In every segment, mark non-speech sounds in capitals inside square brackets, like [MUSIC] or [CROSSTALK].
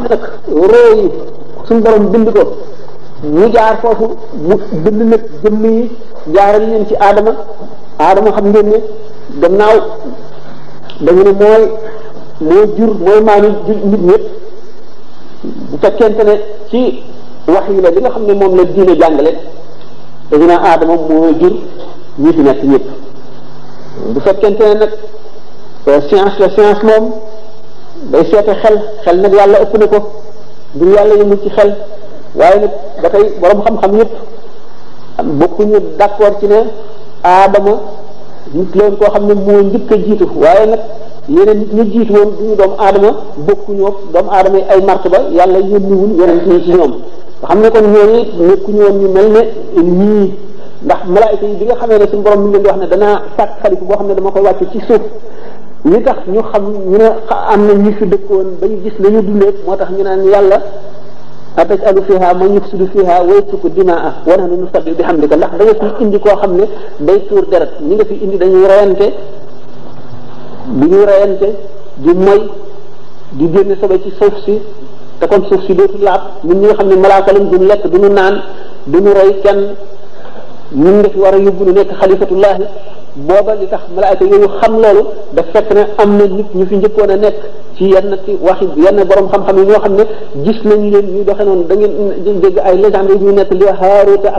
xam ne nag roo yi suñu borom bind ko ñu jaar foofu mu bind nag jëmm yi jaaral leen ci aadama aadama xam ngeen ne gannaaw dañu ne mooy mooy jur mooy maami nit ñëpp bu fekkente ne ci wax yi la li nga xam ne moom la diine jàngale dañu ne aadama mooy jur ñi fi nekk ñëpp bu fekkente ne nag science la science moom day seete xel xel nag yàlla ëpp na ko du yàlla yëngu ci xel waaye nag dafay borom xam-xam yëpp bokkuñu d'accord ci ne aadama nit leen koo xam ne moo njëkk a jiitu waaye nag yeneen ñu jiitu woon duñu doomu aadama bokkuñoo doomu aadama yi ay martaba yàlla yónniwul yeneen ñi ci ñoom nga xam ne kon ñooñu nekkuñu woon ñu mel ne ñii ndax malaayika yi bi nga xamee ne suñu borom mi leen di wax ne danaa sàkk xaliku boo xam ne dama koy wàcce ci suuf li tax ñu xam ñu ne am na ñu fi dëkkoon ba ñu gis la ñu moo tax ñu naan yàlla atajalu fiha man yufsidu fiha wa yasfiku dimaa wa nahnu nusabbihu bihamdika ndax da nga fi indi koo xam ne day tuur deret ñu nga fi indi dañuy reyante bi ñuy reyante di moy di génne sobe ci suuf si te kon suuf si dootu laab ñun ñi xam ne malaaka lañ duñu lekk duñu naan duñu rey kenn ñun nga fi war a yóbbu ñu nekk xalifatullahi booba li tax malaayka yooyu xam loolu da fekk ne am na nit ñu fi njëkkoon a nekk ci yenn ci waxi yenn borom xam-xam yi ñoo xam ne gis nañu leen ñuy doxe noonu da ngeen ay légende yi ñu nekk li ak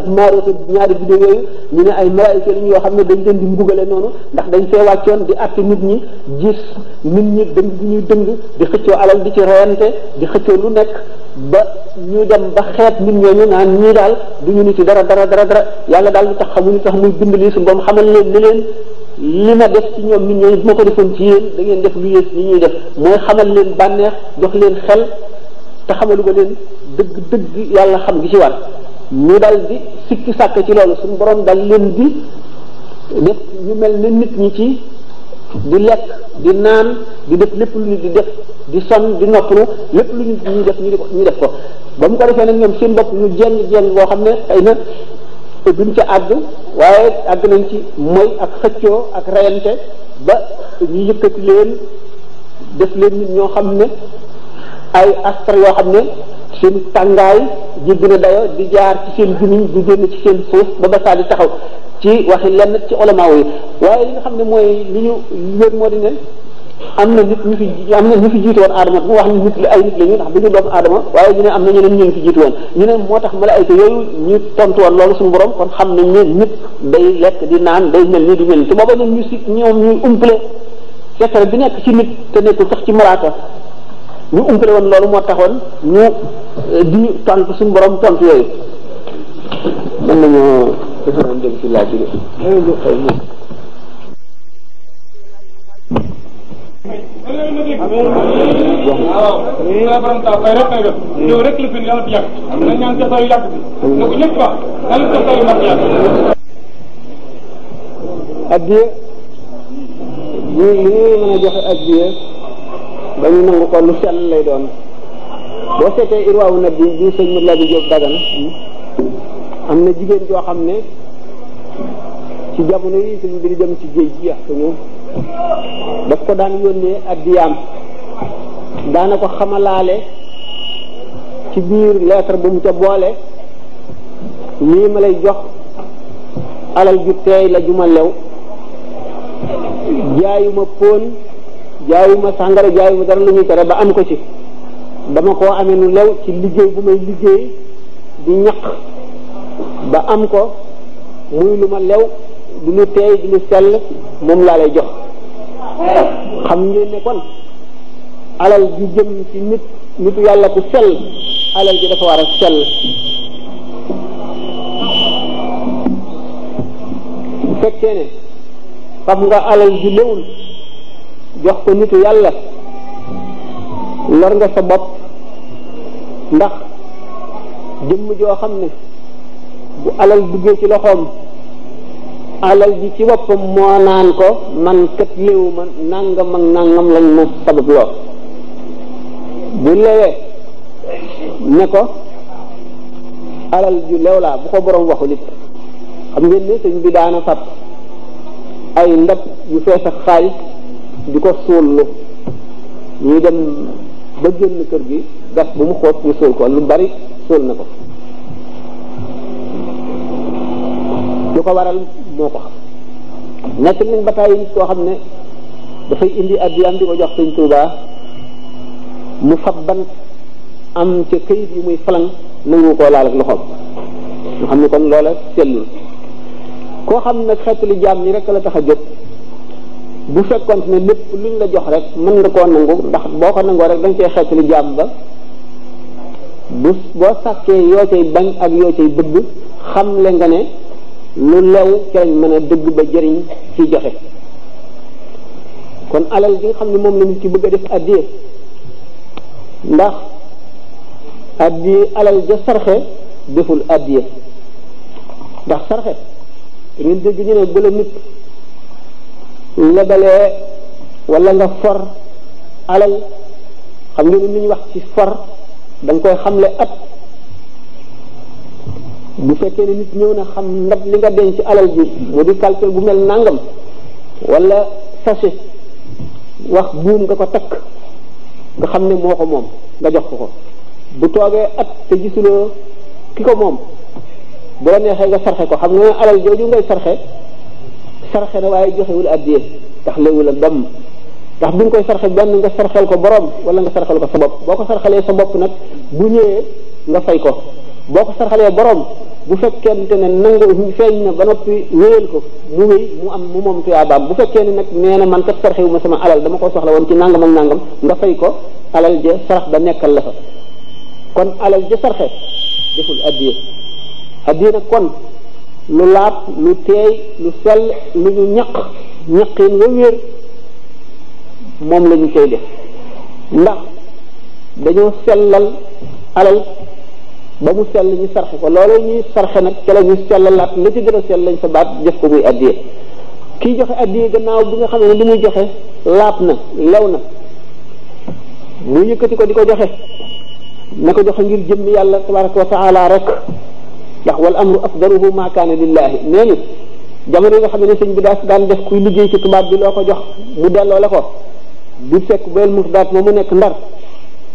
Maaruta ñaari bidéo yooyu ñu ne ay malaayka lañu yoo xam ne dañ leen di mbugale noonu ndax dañ fee wàccoon di àtte nit ñi gis nit ñi dëng ñuy dëng di xëccoo alal di ci reyante di xëccoo lu nekk ba ñu dem ba xeet nit ñooñu naan ñii daal du ñu niti dara dara dara dara yàlla daal lu tax xamuñu tax muy bind lii suñu boom xamal leen ne leen li ma def ci ñoom nit ñooñu bu ma ko defoon ci yéen da ngeen def lu yées ñi ñuy def mooy xamal leen bànneex jox leen xel te xamalu ko leen dëgg dëgg yàlla xam gi ci war ñu dal di sikki sàkk ci loolu suñu borom dal leen di def ñu mel ne nit ñi ci di lekk di naan di def lépp lu nit di def di sonn di noppalu lépp lu nit ñuy def ñu di ñu def ko ba mu ko defee nag ñoom seen bopp ñu jeng jeng boo xam ne xëy na duñ ci àgg waaye àgg nañ ci mooy ak xëccoo ak rayante ba ñu yëkkati leen def leen nit ñoo xam ne ay astre yoo xam ne seen tàngaay jéggi na dayo di jaar ci seen gimiñ di génn ci seen suuf ba ba di taxaw ci waxi lenn ci olamaa yi waaye li nga xam ne mooy li ñu wér moo di ne am na nit ñu fi am na ñu fi jiitu woon aadama bu wax ni ay nit la ñu ndax aadama waaye ñu ne am na ñeneen ñu fi jiitu woon moo tax malaayka yooyu ñu tontu woon loolu suñu borom kon xam nañ ne nit day lekk di naan day mel nii di mel nii te booba ñoom ñu si ñoom ñuy umpale secret bi nekk ci nit te nekkul sax ci malaaka ñu umpale woon loolu moo taxoon ñu euh, di tontu suñu borom tontu yooyu mën nañoo defaroon dem ci laaj bi la borom taw kay la fi yàlla bi ñu ñu mën a joxe addiye ba ñu nangu ko lu sell lay doon boo seetee irwaawu nag bi bii sëñ Modou Labi Diop dagan am na jigéen joo xam ne ci jamono yi sëñ bi di dem ci géej gi ak daf ko daan yónnee addiyaam daana ko xamalaale ci biir lettre bu mu ca boole lii ma lay jox alal ju teey la juma lew jaayuma póon jaayuma sàngara jaayuma dara lu ñuy tere ba am ko ci dama koo amee nu lew ci liggéey bu may liggéey di ñax ba am ko muy lu ma lew du lu teey du lu sell moom laa lay jox xam ngeen ne alal ju jëm ci nit nitu yàlla ku sell alal ji dafa war a sell bu fekkee ne xam nga alal ju lewul jox ko nitu yàlla lor nga sa bopp ndax jëmm joo xam ne bu alal duggee ci loxoom alal ji ci boppam moo naan ko man kat léewu ma nangam ak nangam lañ ma sabab loo bu lewee ne ko alal ju lew laa bu ko borom waxul it xam ngeen ne sëñ bi daana fab ay ndab yu fees xaalis di ko suul ñuy dem ba génn kër gi gas bu mu xóot ñu suul ko lu bari suul na ko lu ko waral moo ko xam nekk nañ ba tàyyi koo xam ne dafay indi addiyaam di ko jox sëñ Tuubaa mu fab ban am ca këyit yi muy falan nangu koo laal ak loxoom nga xam ne kon loola sellul koo xam nag xeetali jaam ñi rek la tax a jóg bu fekkoon ne lépp luñ la jox rek mën nga koo nangu ndax boo ko nangoo rek dañ koy xecc lu jàmm ba bu boo sàkkee yoo bañ ak yoo cay bëgg xam le nga ne lu lew ci lañ mën a dëgg ba jëriñ ci joxe kon alal gi nga xam ne moom la ñu ci bëgg a def addiya ndax addi alal ja sarxe deful addiya ndax sarxe da ngeen dégg ñu ne bu la nit lebalee walla nga for alal xam nga ni ñu wax ci for da koy xamle at bu fekkee ne nit ñëw na xam ndab li nga denc alal bi mu di calcul bu mel nangam wala sachet wax buum nga ko takk nga xam ne moo ko moom nga jox ko ko bu toogee at te gisuloo ki ko moom boo neexee nga sarxe ko xam nga alal jooju ngay sarxe sarxe na waaye joxewul addiya tax léewu la domm ndax bu ñu koy sarxe benn nga sarxal ko borom wala nga sarxal ko sa bopp boo ko sarxalee sa bopp nag bu ñëwee nga fay ko boo ko sarxalee boroom bu fekkente ne nanga feeñ na ba noppi wéyal ko mu wéy mu am mu moom tuyaabaam bu fekkee ne nag nee na man kat sarxewu ma sama alal dama ko soxla woon ci nangam ak nangam nga fay ko alal ja sarax ba nekkal la fa kon alal ja sarxe deful addiya addiya nag kon lu laab lu teey lu sell lu ñu ñaq ñaqin wa wér moom la ñu koy def ndax dañoo sellal alal ba mu sell ñu sarxe ko loolu ñuy sarxe nag te la selal laat la ci gën a sell lañ fa baat def ko muy addiye kii joxe addiye gannaaw bi nga xam ne li muy joxe laab na lew na mu yëkkati ko di ko joxe na ko joxe ngir jëmm yàlla tabaraka wa taala rek ndax wal amru afdaluhu ma kaana lillahi nee ñu jamono yi nga xam ne sëñ bi daas daan def kuy liggéey ci tubaab bi loo ko jox mu delloo la ko bu fekk bel mufdaat moom mu nekk ndar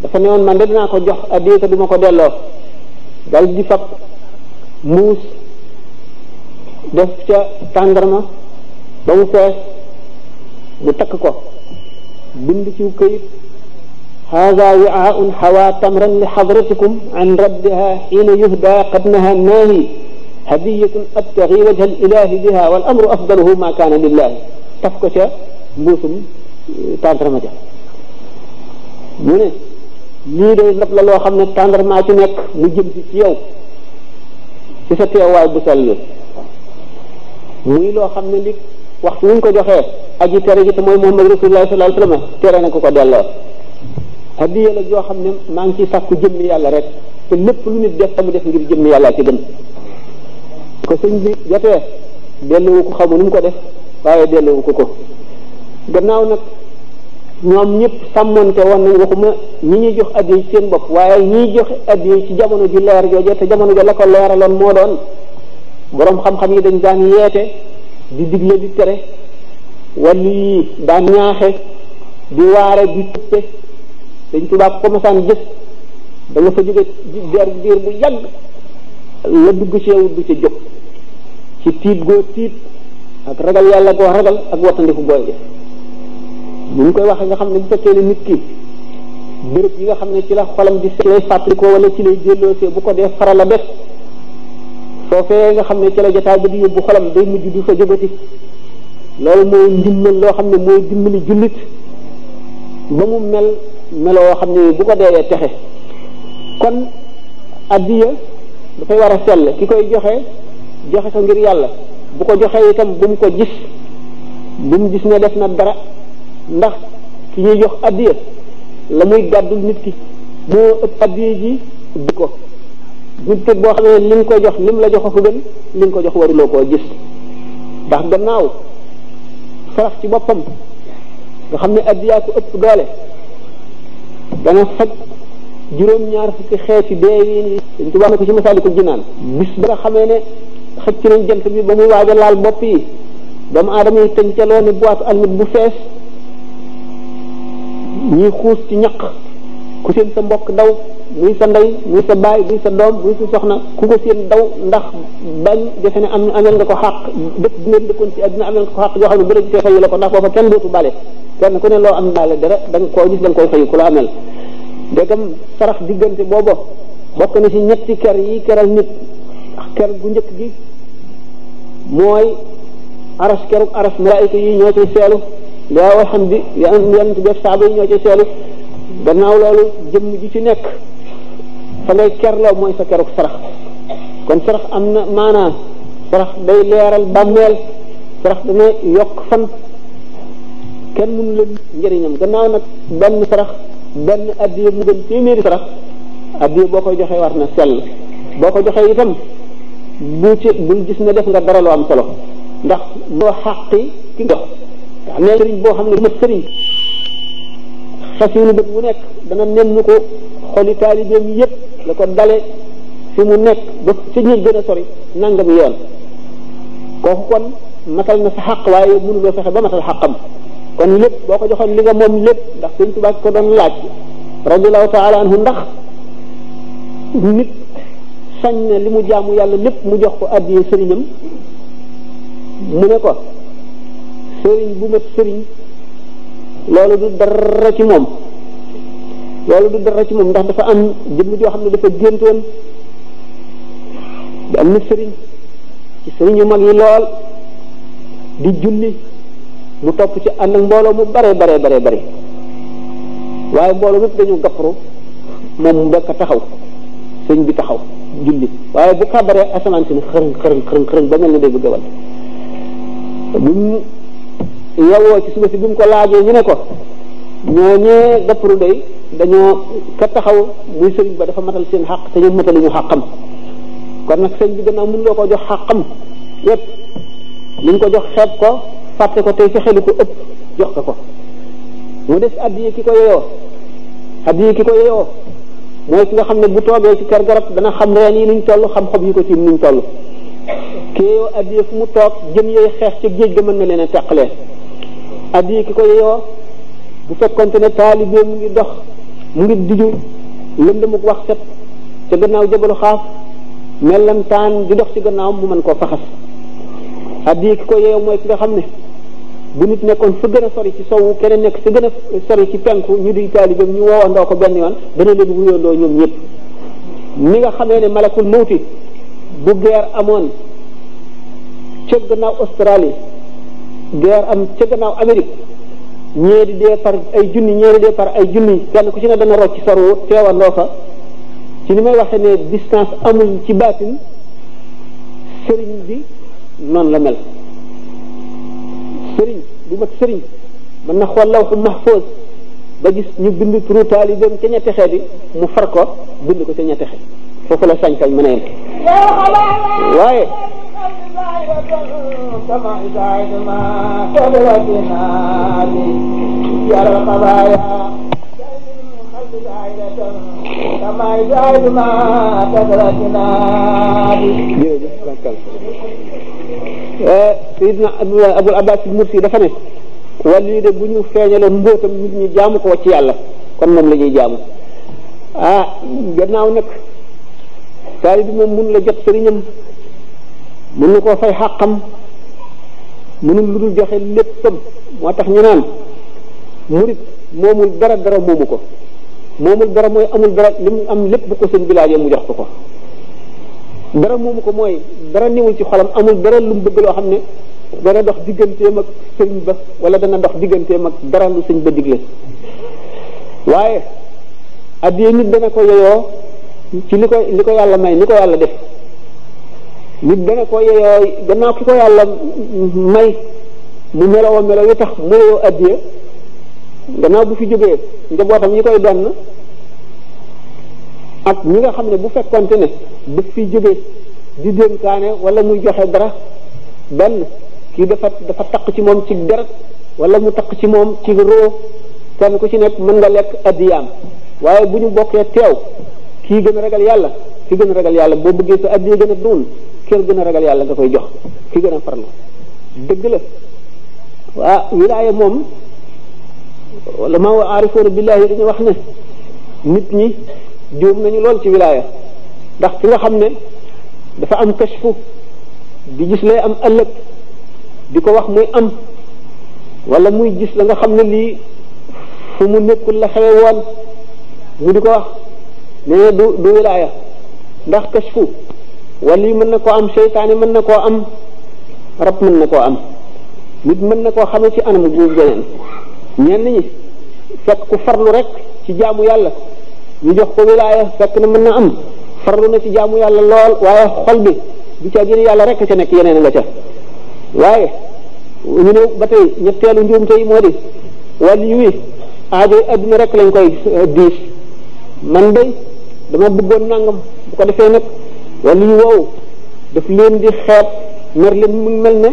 dafa newoon man de dinaa ko jox addiya te duma ko delloo dal di fab muus def ca tàndarma ba mu fees mu takk ko bind ci këyit haza wi'aun hawa tamran li hadratikum an rabbiha hina yuhda qad naha nahi hadiyatun abtaghi wajha al ilahi biha wal amru afdaluhu ma kana lillahi taf ko ca mbuusum tàndarma ja mu ne lii day ndab la loo xam ne tàndarmaa ci nekk mu jëm ci ci yow ci sa teewaay bu sell bi muy loo xam ne li waxtu wuñ ko joxee aji tere ji te mooy Muhammad rasulullah sallallahu alayhi wasallam tere na ko ko delloo hadiya la joo xam ne maa ngi ciy sàkku jëmmi yàlla rek te lépp lu nit def tamu def ngir jëmmi yàlla ci gën ko sëñ bi jotee delloowu ko xamu nu mu ko def waaye delloowu ko ko gannaaw nag ñoom ñëpp sàmmonte woon nañ waxuma ñi ñuy jox addiya ci seen bopp waaye ñiy jox addiya ci jamono ju leer jooje te jamono jo la ko leeraloon moo doon boroom xam-xam yi dañ daan yeete di digle di tere wala yi daan ñaaxe di waare di tëppe dañ tubaab ko masaan gis da nga fa jóge der diir bu yàgg la dugg ci yow ci ca jóg ci tiit goo tiit ak ragal yàlla goo ragal ak wattandiku gooy def bu ñu koy waxee nga xam ne bu fekkee nit ki bërëb yi nga xam ne ci la xolam di ci lay fàttalikoo wala ci lay jélloosee bu ko dee faral a def foofee nga xam ne ci la jotaay ba di yóbbu xolam day mujj du fa jógati loolu mooy ndimmal loo xam ne mooy dimbali jullit ba mu mel melo woo xam ne bu ko deewee texe kon addiya dafay war a sell ki koy joxe joxe ko ngir yàlla bu ko joxee itam bu mu ko gis bu mu gis ne def na dara ndax ki ñuy jox addiya la muy gàddul nit ki moo ëpp addiya ji di ko nit ki boo xamee li nga ko jox lim la jox ko gën li nga ko jox waruloo koo gis ndax gannaaw sarax ci boppam nga xam ne addiya ko ëpp doole dana faj juróom-ñaar fukki xeeti dee yi dañ ko wax ne ko ci Masaalikul Jinaan bis ba nga xamee ne xëcc nañ jant bi ba muy waaj a laal bopp yi doomu aadama yi tëncaloo ni boîte almet bu fees ñuy xuus ci ñaq ku seen sa mbokk daw muy sa ndey muy sa baay muy sa doom muy sa soxna ku ko seen daw ndax bañ defe ne am amel nga ko xàq dëkk bi ngeen dëkkoon ci àddina nga ko xàq yoo xam ne bu la gisee fayu la ko ndax booba kenn dootu bale kenn ku ne loo am bale dara da nga koo gis da nga koy fayu ku la amel ndegam sarax diggante booba bokk na ci ñetti ker yi keral nit ker gu njëkk gi mooy aras keruk aras malaayika yi ñoo ciy seelu lia waxam bi yonent bi saaba yi ñoo seelu gannaaw loolu jëmm ji ci nekk fa ngay kerloo mooy sa keruk sarax kon sarax am na maanaa sarax day leeral bàmmeel sarax dana yokk fan kenn mënu la njëriñam gannaaw nag benn sarax benn addiya mu gën téeméeri sarax addiya boo koy joxee war na sell boo ko joxee itam bu ci bul gis ne def nga dara loo am solo ndax boo xàqi ki nga xam ne sëriñ boo xam ne ma sëriñ fas yi bu nekk dana nen ñu ko xoli taalibeem yépp la ko dale fi mu nekk ba fi ñu gën a sori nangami yoon kooku kon matal na sa xaq waaye mënuloo fexe ba matal xaqam kon lépp boo ko joxoon li nga moom lépp ndax sëñ Tuubaa ko doon laaj radiallahu taala anhu ndax nit sañ na li mu jaamu yàlla lépp mu jox ko addiyee sëriñam mu ne ko sëriñ bu mat sëriñ loolu du dara ci moom loolu du dara ci moom ndax dafa am jëmm joo xam ne dafa géntoon di am na sëriñ ci sëriñ mag yi lool di julli mu topp ci ànd ak mbooloo mu bare bare bare bare waaye mbooloo mépp dañu gapparu moom mu dekk taxaw sëñ bi taxaw julli waaye bu kàbbaree asamaan si ne xërëng xërëng xërëng xërëng ba mel ni day bëgg wal bu mu yewoo ci suba si bu mu ko laajee ñu ne ko ñoo ñee gapparu day dañoo ka taxaw muy sëriñ ba dafa matal seen xaq te ñoom matalu ñu xàqam kon nag sëñ bi gannaaw mënuloo ko jox xàqam yépp li ñu ko jox xeeb ko fàtte ko tey ci xelu ko ëpp jox ko ko mu des addiye ki ko yeyoo addiye ki ko yeyoo mooy ki nga xam ne bu toogee ci kar garab dana xam reen yi nuñ toll xam xob yi ko tiim nuñ toll ki yeyoo addiye fu mu toog jën yooyu xeex ci géej ga mën na leen a teqalee addiye ki ko yeyoo bu fekkonte ne taalibe mu ngi dox mu ngi diju lëndëmuk wax set ca gannaaw jabalu xaaf mellantaan di dox ci gannaaw mu mën koo faxas addiye ki ko yeyoo mooy ki nga xam ne bu nit nekkoon fa gën a sori ci sowu keneen nekk fa gën a sori ci penku ñu di taalibam ñu woowandoo ko benn yoon dana leen wuyandoo ñoom ñëpp ni nga xamee ne malakul mawti bu guerre amoon ca gannaaw Australie guerre am ca gannaaw Amérique ñee di dee par ay junni ñee di dee par ay junni kenn ku ci ne dana rocc soru teewandoo fa ci ni may waxee ne distance amul ci baatin sëriñ bi noonu la mel sëriñ du mat sëriñ mën na xool lawxu mahfuz ba gis ñu bind turu taalibeem ca ñetti xeet yi mu far ko bind ko ca texe xeet foofu la sañ-sañ mën a yem waaye jërëjëf Eh, sayidna abul abbas mursi dafa ne wala yi de bu ñu feeñale mbóotam nit ñi jaamu ko ci yàlla kon moom la ñuy jaamu ah gannaaw nag taali bi moom mun la jot sëriñam mun na koo fay xàqam mënul lu dul joxe léppam moo tax ñu naan murit moomul dara dara moomu ko moomul dara mooy amul dara li mu am lépp bu ko seen bilaajee mu jox ko ko dara moomu ko mooy dara niwul ci xolam amul dara lu mu bëgg loo xam ne dana dox digganteem ak sëriñ ba wala dana dox digganteem ak dara lu sëñ ba digle waaye addiyee nit dana ko yeyoo ci li ko li ko yàlla may ni ko yàlla def nit dana ko yeyoo gannaaw ki ko yàlla may mu melowoo melo tax mu yeyoo addiyee gannaaw bu fi jógee njabootam yi koy donn ak ñi nga xam ne bu fekkonte ne daf fi jóge di dénkaane wala muy joxe dara benn kii dafa dafa taq ci moom ci garab wala mu taq ci moom ci roo kenn ku ci nekk mën nga lekk addiyaam waaye bu ñu bokkee teew ki gën a ragal yàlla ki gën a ragal yàlla boo bëggee sa addiya gën a duun kër gën a ragal yàlla nga koy jox ki gën a dëgg la waa wilaaya moom wala ma wa aarifoona billaahi dañu wax ne nit ñi juum nañu lool ci wilaaya ndax ki nga xam ne dafa am kashfu di gis lay am ëllëg di ko wax muy am walla muy gis la nga xam ne lii fu mu nekkul la xewe woon mu di ko wax nee na du du wilaaya ndax kashfu wala yi mën na koo am seytaane mën na koo am rab mën na koo am nit mën na koo xamee ci anam bu geneen ñenn ñi fekk farlu rek ci jaamu yàlla ñu jox ko wilaaya fekk na mën na am farlu na ci jaamu yàlla lool waaye xol bi du ca gën yàlla rek ca nekk yeneen nga ca waaye ñu ne ba tey ñetteelu njuumte yi moo di wàllu yu rek lañ koy uh, diis man day dama bëggoon nangam bu ko defee nag wàllu daf leen di xeeb mer leen mu mel ne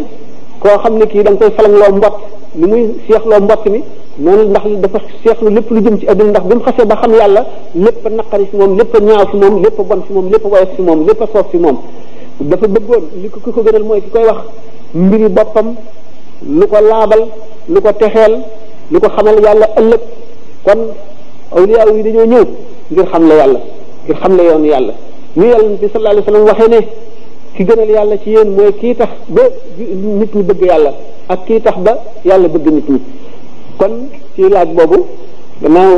koo xam ne kii da koy falang loo mbott ni muy seexloo mbott mi noonu ndax dafa seexlu lépp lu jëm ci adduna ndax bi mu xasee ba xam yàlla lépp a naqari si moom lépp a ñaaw si moom lépp a bon si moom lépp a woyof moom lépp a soof si moom dafa bëggoon li ko ki gënal mooy ki koy wax mbiri boppam lu ko laabal lu ko texeel lu ko xamal yàlla ëllëg kon awliya yi dañoo ñëw ngir xam la yàlla ngir xam la yoon yàlla ñu yàlla bi sallallahu alayhi ne ki gënal yàlla ci yéen mooy kii tax ba nit ñi bëgg yàlla ak kii tax ba yàlla bëgg nit ñi kon ci laaj boobu gannaaw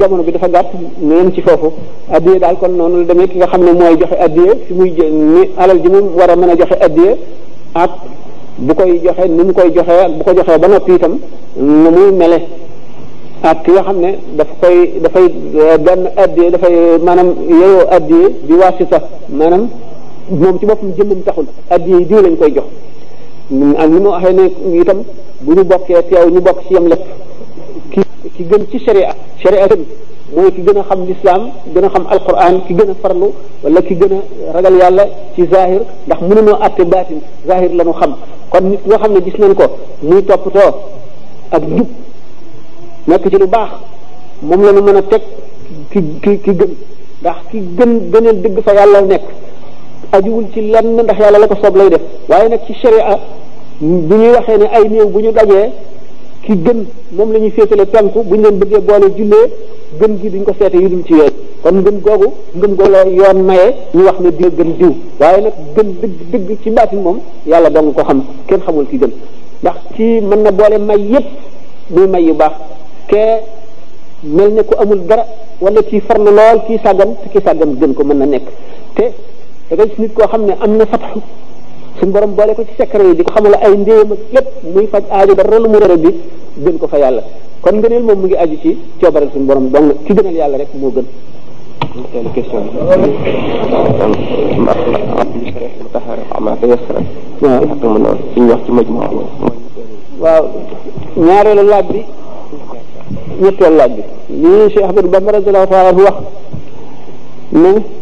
jamono bi dafa gàtt mu yem ci foofu addiye daal kon noonu la demee ki nga xam ne mooy joxe addiye fi muy ni alal ji mu war a mën a joxe addiye ak bu koy joxe ni mu koy joxe bu ko joxee ba noppi itam nu muy mele ak ki nga xam ne dafa koy dafay eh, benn addiye dafay maanaam yeyoo addiye di waasita maanaam moom ci boppam jëmmam taxul addiye diw lañ koy jox ak ni moo axee ne itam bu ñu bokkee teew ñu bokk ci yam lépp ki gën ci sharia sharia tam mooy ki gën a xam lislaam gën a xam alquran ki gën a farlu wala ki gën a ragal yàlla ci zahir ndax mënuñoo àtte baatin zahir la ñu xam kon nit nga xam ne gis nañ ko muy toppatoo ak jub nekk ci lu baax moom la ñu mën a teg ki ki ki gën ndax ki gën gëneel dëgg fa yàlla nekk ajuwul ci lenn ndax yàlla la ko soob lay def waaye nag ci sharia bu ñuy waxee ne ay néew bu ñu dajee ki gën moom lañuy féetale penku bu ñu leen bëggee boole jullee gën gi duñ ko seete yu dul ci yooyu kon ngën googu ngën googu la yoon maye ñu wax ne diw gën diw waaye nag gën dëgg dëgg ci baatin moom yàlla dong ko xam kenn xamul ki gën ndax kii mën na boole may yépp muy may yu baax kee mel ne ku amul dara wala kii farlu lool kii sàggan te kii sàggan gën ko mën na nekk da nga nit koo xam ne am na fatxu suñ borom boole ko ci secret yi di ko xamal ay ndéem ak lépp muy faj aajo dara lu mu rëdd bi gën ko fa yàlla kon ngëneel moom mu ngi aju ci coobare suñu borom dong ci gënal yàlla rek moo gën. teel question bi. waaw ñaareelu laaj bi ñetteelu laaj bi lii Cheikh Ahmadou Bamba radiyallahu anhu wax ne.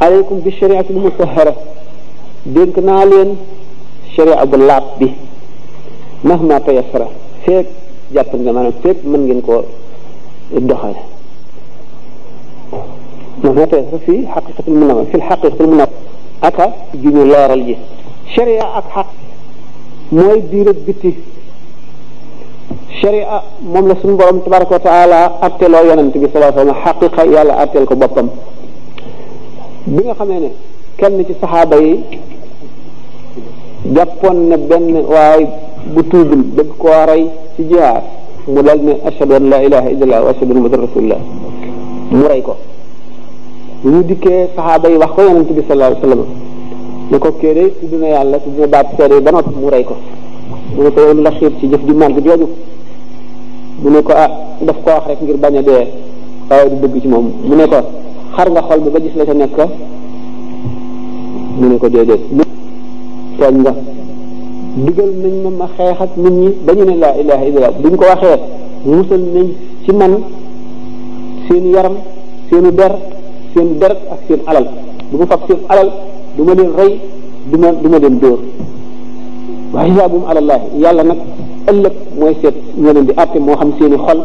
aleykum bi shariatil mutahhara dénk naa leen sharia bu laab bi mahma tayassara feeg jàpp nga maanaam feeg mën ngeen koo doxale mahma tayassara fi xaqiqatil munawwara fi xaqiqatil munawwara aka juñu leeral ji sharia ak xaq mooy biir ak bitti sharia moom la suñu borom tabaraka wa taala atteloo yonent bi sallallahu alayhi wa sallam xaqiqa yàlla atteel ko boppam bi nga xamee ne kenn ci saxaaba yi jàppoon ne benn waaye bu tuubul bëgg koo rey ci jihaar mu dal ne ashhadu an la ilaha illallah wa ashhadu anna muhammadan rasulullah mu rey ko bu ñu dikkee saxaaba yi wax ko yonent bi sallallahu alayhi wasallam ko kii de tudd na yàlla tudd na baat seede mu ko mu ne ko yow ci jëf ju màgg jooju mu ne ah ko wax rek ngir bañ a dee waaye du dëgg ci moom mu ne ko xar nga xol bi ba gis la ca nekk mu ne ko déedéet tooñ nga digal nañ ma ma xeex ak nit ñi ba ñu ne laa ilaha illallah buñ ko waxee mu musal nañ ci man seen yaram seeni ber seen deret ak seen alal du ma fab seen alal du ma leen rey du ma du ma leen dóor waaye saa bu mu yàlla nag ëllëg mooy seet ñeneen di àtte moo xam seeni xol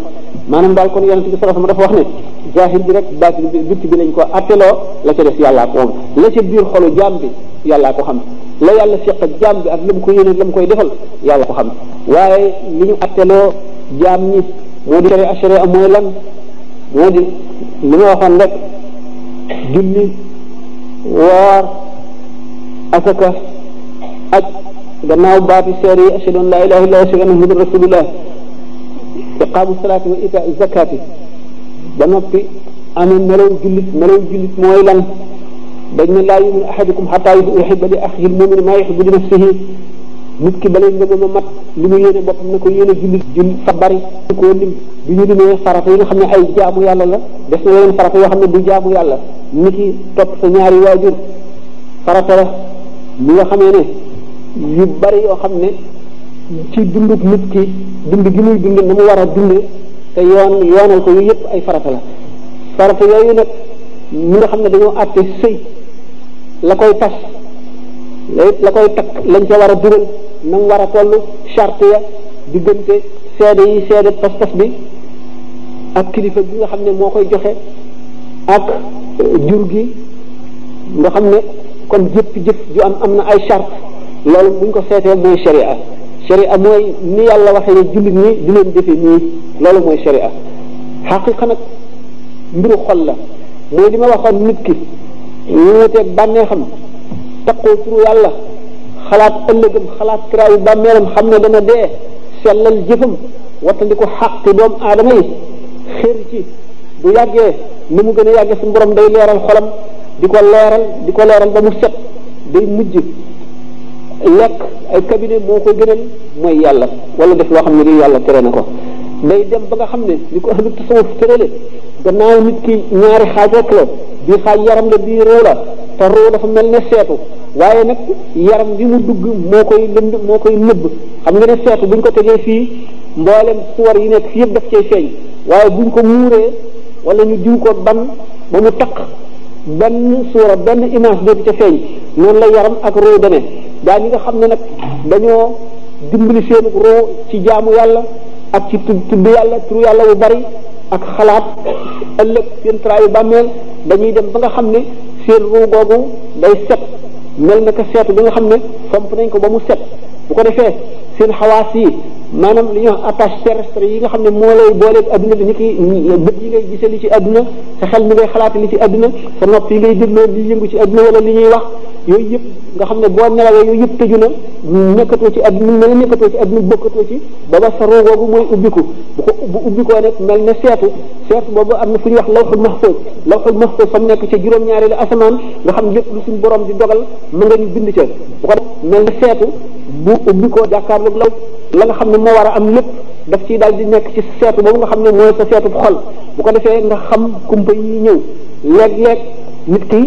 maanaam daal kon yonente bi sallallahu alayhi wasallam dafa wax ne jaahil bi rek baatin bi bitti bi lañ ko atteloo la ca def yàllaa ko moom la ca biir xolu jaam bi yàllaa ko xam la yàlla seq ak jaam bi ak la mu ko yéene la mu koy defal yàlla ko xam waaye li ñu atteloo jaam ñi moo di sharia sharia mooy lan moo di li ma waxoon rek julli woor asaka aj gannaaw baati seer yi ashhadu an la ilaha illallah wa ashhadu anna muhammadan rasulullah iqaamu salaati wa itaa zakaati ba noppi amee melaw jullit melaw jullit mooy lan dañ ne laa yumin ahadukum xataa yuhibba li axihi lmumin maa yuhibbu li nafsihi nit ki bala ngëmam a mat li mu yéene boppam na ko yéene jullit jullit fa bari koo lim bi ñu limee farata yi nga xam ne ay jaamu yàlla la def na yeneen farata yoo xam ne du jaamu yàlla nit ki topp sa ñaari waajur farata la li nga xamee ne yu bari yoo xam ne ci dunduk nit ki dund gi muy dund na mu war a dund te yoon yoonal ko yooyu yëpp ay farafe la farata yooyu nag ñi nga xam ne dañoo àtte sëy la koy tas la koy takk lañ ca war a dugal na mu war a toll charte ya diggante seede yi seede pas-pas bi ak kilifa bi nga xam ne moo koy joxe ak euh, jur gi nga xam ne kon jëpp jëf ju am am na ay charte loolu muñ ko seetee mooy sharia sharia mooy ni yàlla waxee ne jullit ñi di leen defee nii loolu mooy sharia xaqiqa nag xol la mooy li ma wax nit ki ñuuteeg bànneexam taqoo turu yàlla xalaat ëllëgam xalaat kiraayu bàmmeelam xam ne dana dee sellal jëfam wattandi ko xaqi doomu aadama yi xër ci bu yàggee ni mu gën a yàggee suñu borom day leeral xolam di ko leeral di ko leeral ba mu set day mujj lekk ay cabinet moo ko gënal mooy yàlla wala def loo xam ne lii yàlla tere na ko day dem ba nga xam ne li ko ahlu tasawuf tërale gannaaw nit ki ñaari xaaj rek la bii xaaj yaram bii ruu la te dafa mel ne seetu waaye nag yaram bi mu dugg moo koy lënd moo koy nëbb xam nga ne seetu buñ ko tegee fii mboolem suwar yi nekk fii yëpp daf cay feeñ waaye buñ ko muuree wala ñu diw ko ban ba mu taq benn suura benn image dootu ca feeñ noonu la yaram ak ruu demee gaa ñi nga xam ne nag dañoo dimbali seen roo ci jaamu yàlla ak ci tudd yàlla turu yàlla bu bari ak xalaat ëllëg seen traayu bàmmeel dañuy dem ba nga xam ne seen ruu googu day set mel nag ko seetu bi nga xam ne fomp nañ ko ba mu set bu ko defee seen xawaas yi maanaam li ñuy wax attache terrestre yi nga xam ne moo lay booleeg adduna bi ni ki bët yi ngay gisee li ci adduna sa xel mi ngay xalaat ci àdduna sa nopp yi ngay dégloo li yëngu ci adduna wala li ñuy wax yooyu yëpp nga xam ne boo nelawee yooyu yëpp tëju na nekkatoo ci adduna mel ne nekkatoo ci adduna bokkatoo ci booba sa ruu boobu mooy ubbiku bu ko bu ubbikoo nag mel na seetu seetu boobu am na fu ñuy wax lawxul mahfuz lawxul mahfuz fa mu nekk ca juróom-ñaareelu asamaan nga xam lépp lu suñu borom di dogal mën nga ñu bind ca bu mel ne seetu bu ubbi ko jàkkaarloog law la nga xam ne moo war a am lépp daf ciy daal di nekk ci seetu boobu nga xam ne mooy sa seetu bu ko defee nga xam kumpa yi ñëw léeg-léeg nit ki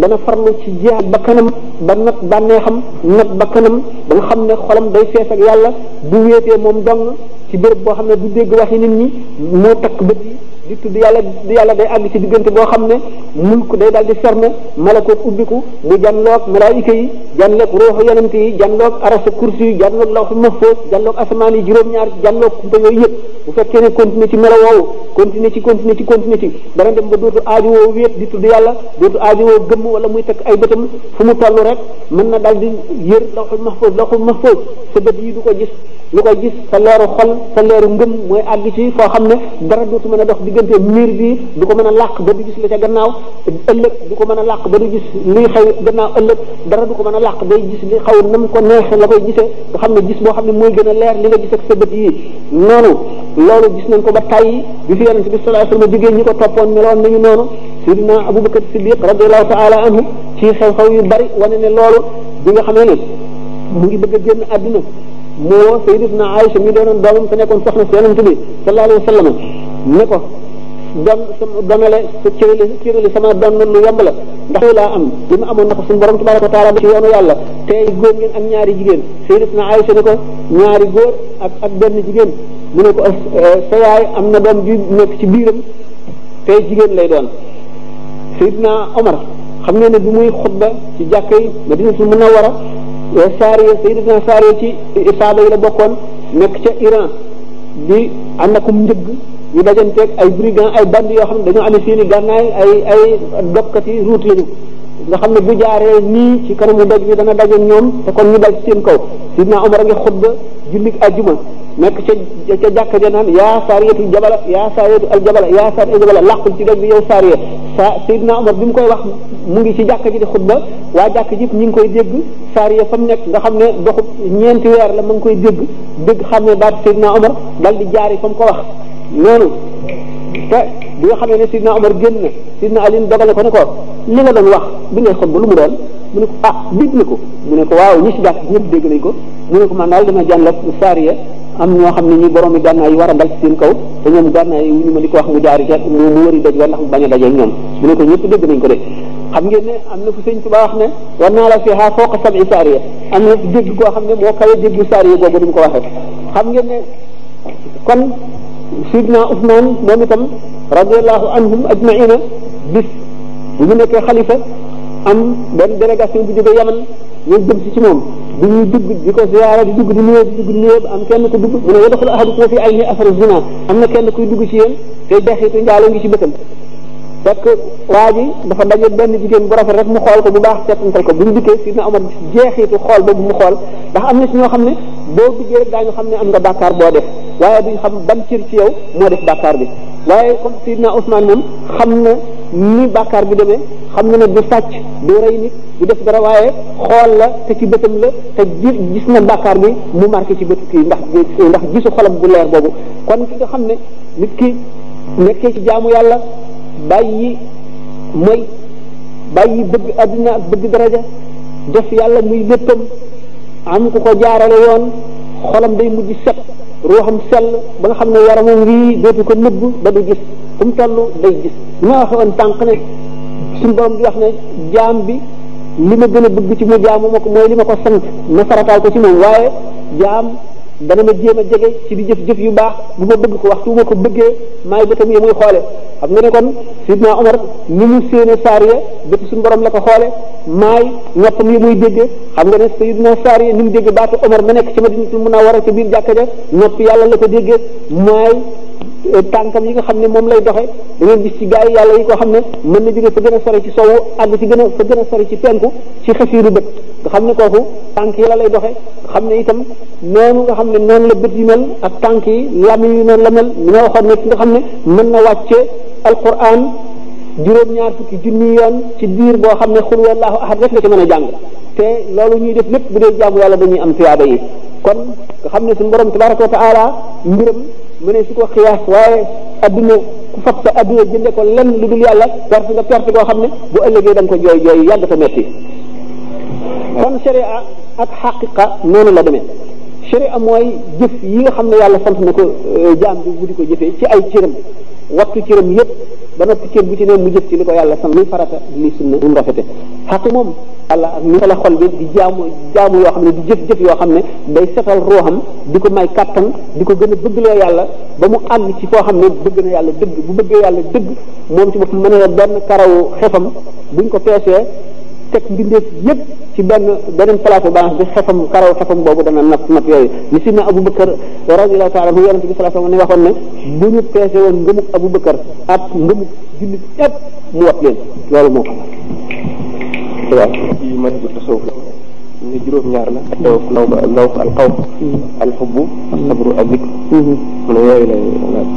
dana farlu ci jeex ba kanam ba nag bànneexam nag ba kanam ba nga xam ne xolam day fees ak yàlla bu wéetee moom dong ci béréb boo xam ne du dégg waxi nit ñi moo takk bët yi di tudd yàlla di yàlla day àgg ci diggante boo xam ne mulk day daal di ferme malakoot ubbiku mu janloog malaayika yi janloog ruuxu yonent yi janloog arasa kursi yi janloog lawxu mahfuus janloog asamaan yi juróom-ñaar janloog kumpa yooyu yëpp bu fekkee ne continuer ci melo woowu continuer ci continuer ci continuer ci dana dem ba dootu woo wéet di tudd yàlla dootu aajo woo gëmm wala muy teg ay bëtam fu mu toll rek mën na daal di yër lawxu mahfuus lawxu mahfuus sa bët yi du ko diggante miir bi du ko mën a làq ba du gis la ca gannaaw ëllëg du ko mën a làq ba du gis luy xew gannaaw ëllëg dara du ko mën a làq bay gis li xaw nam ko neex la koy gisee nga xam ne gis boo xam ne mooy gën a leer li nga gis ak sa bët yi noonu loolu gis nañ ko ba tàyyi bi fi yonente bi sallallahu alayhi wasallam jógee ñi ko toppoon meloon nañu noonu sidna abubakar siddiq radiallahu taala anhu ci xew-xew yu bari wane ne loolu bi nga xamee ne mu ngi bëgg a génn àdduna moo sayyidatuna Aïcha mi doonoon doomam te nekkoon soxna si yonente bi sallallahu alayhi wasallam ne ko ndon donale cërali cërali sama donn lu yomb la ndax laa am li ma amoon na ko suñu borom tabaraka wa taala ci yoonu yàlla tey góor ngeen ak ñaari jigéen sayyidatuna Aïcha ne ko ñaari góor ak ak benn jigéen mu ne ko eh, sa yaay am na doom ju nekk ci biiram tey jigéen lay doon sayidna Omar xam nga ne bi muy xutba ci jàkka yi Madinatul Munawwara eh, Saariya sayidna Saariya ci eh, saaba yi la bokkoon nekk ca Iran di ànd akum njëgg ñu dajanteeg ay brigand ay band yoo xam ne dañoo amee seen i gànnaay ay ay dogkat ruut lañu nga xam ne bu jaaree nii ci kanamu daj bi dana daje ñoom te kon ñu dal ci seen kaw sidna Omar a ngi xutba jullit ajjuma nekk ca ca jàkka ja naan yaa saariyatu jabala yaa saariyatu al jabala yaa saariyatu jabala làqul ci daj bi yow saariya sa sidna Omar bi mu koy wax mu ngi ci jàkka ji di xutba waa jàkka ji ñu ngi koy dégg saariya fa mu nekk nga xam ne doxub ñeenti weer la ma ngi koy dégg dégg xam ne baat sidna Omar dal di jaari fa mu ko wax noonu te bi nga xamee ne Sidna Omar génn na Sidna Ali dogal na ko ne ko li nga doon wax bi ngay ba lu mu doon mu ne ko ah déglu ko mu ne ko waaw ñi si jàpp dégg nañ ko mu ne ko man daal dama jànloog saariya am ñoo xam ne ñi borom yi gànnaay yi war a dal kaw te ñoom gànnaay yi wu ñu ma di ko wax mu jaari ca mu mu wëri daj wa ndax mu bañ a dajeeg ñoom mu ne ko ñëpp dégg nañ ko de xam ngeen ne am na fu sëñ Tuubaa wax ne war naa la fiha fooqa sab'i saariya am na dégg koo xam ne moo kawe dégg saariya boobu ni mu ko waxee xam ngeen ne kon sidna Usmaan moom itam radiallahu anhum ajmaina bis bu mu nekkee xalifa am benn délégation bu jóge yaman ñoo jëm si ci moom bu ñuy dugg di ko ziyaara di dugg di nuyoo di dugg di nuyoo am kenn ku dugg mu ne yadxulu ahadukum fi ayni asaru zina am na kenn dugg ci yéen te dexitu njaalo ngi ci bëtam fekk waa ji dafa daje benn jigéen bu rafet rek mu xool ko bu baax seetantal ko bu ñu dikkee sidna Omar jeexitu xool boobu mu xool ndax am na ci ñoo xam ne boo duggee rek daañu xam ne am nga bàkkaar boo def waaye duñ xam ban cër ci yow moo def bàkkaar bi waaye comme Sidna Ousmane moom xam na ni bàkkaar bi demee xam na ne du sàcc du rey nit du def dara waaye xool la te ci bëtam la te gis gis na bàkkaar bi mu marqué ci bët kii ndax ndax gisu xolam bu leer boobu kon ki nga xam ne nit ki nekkee ci jaamu yàlla bàyyi mooy bàyyi bëgg àdduna ak bëgg daraja def yàlla muy léppam am ku ko jaarale yoon xolam day mujj set ruuxam sell ba nga xam ne yaramam wii dootu ko nëbb ba du gis fu mu toll day gis ñu waxe woon tànq ne suñu borom bi wax ne jaam bi li ma gën a bëgg ci mu jaamu ma ko mooy li ma ko sant ma farataal ko ci moom waaye jaam dana ma jéem a jege ci di jëf jëf yu baax bu ma bëgg ko waxtu bu ma ko bëggee maay bëtam yi muy xoole xam nga ne kon sidna Omar ni mu séene saariya bëti suñu borom la ko xoole maay noppam yi muy déggee xam nga ne sayidna saariya ni mu dégg baatu Omar ma nekk ci Madinatul a ca biir jàkka ja nopp yàlla la ko déggee maay eh, tànkam yi nga xam ne moom lay doxe da ngeen gis ci gaa yi yàlla yi ko xam ne mën na jóge fa gën a sori ci sowwu àgg ci gën a fa gën a sori ci penku ci xasiiru bët xam ne kooku tànk yi la lay doxe nga xam ne itam noonu nga xam ne noonu la bët yi mel ak tànk yi lami yi noonu la mel ñu ma waxoon ne nga xam ne mën na wàcce alquran juróom-ñaar fukki junni yoon ci biir boo xam ne xul wallahu ahad rek nga ci mën a jàng te loolu ñuy def lépp bu dee jaamu ba dañuy am tuyaaba yi kon nga xam ne suñu borom tabaraka wa taala mbiram mu ne su ko xiyaas waaye adduna ku fab sa adduna jënde ko lenn lu dul yàlla perte nga perte koo xam ne bu ëllëgee da nga ko jooy jooy yàgg ta metti comme sharia ak xaqiqa noonu la deme demee sharia mooy jëf yi nga xam ne yàlla sant na ko euh, jaam bi bu di ko jëfee ci ay cëram wattu cëram yépp ba noppi cër bu ci ne mu jëf ci li ko yàlla sant muy farata li sunna mu rafete xaqi moom yàlla ak ni la xol bi di jaamu jaamu yoo xam ne di jëf-jëf yoo xam ne day setal ruuxam di ko may kàttan di ko gën a bëggloo yàlla ba mu ànd ci foo xam ne bëgg na yàlla dëgg bu bëggee yàlla dëgg moom ci boppam mën a benn karawu xefam buñ ko peesee teg mbindeef yépp ci benn beneen plateau balance bi xefam karaw xefam boobu dana napp napp yooyu li si na Abubakar radiyallahu ta'ala anhu yonente bi sallallahu alayhi wasallam ne waxoon ne bu ñu peese woon ngëmug Abubakar ak ngëmug jullit yépp mu wat leen loolu moo ko waaw ci matigu tasawuf ñu juróom ñaar la taw naw naw alxawf alxubbu asabru ak zikr mm-hmm. mu ne yooyu lay laaj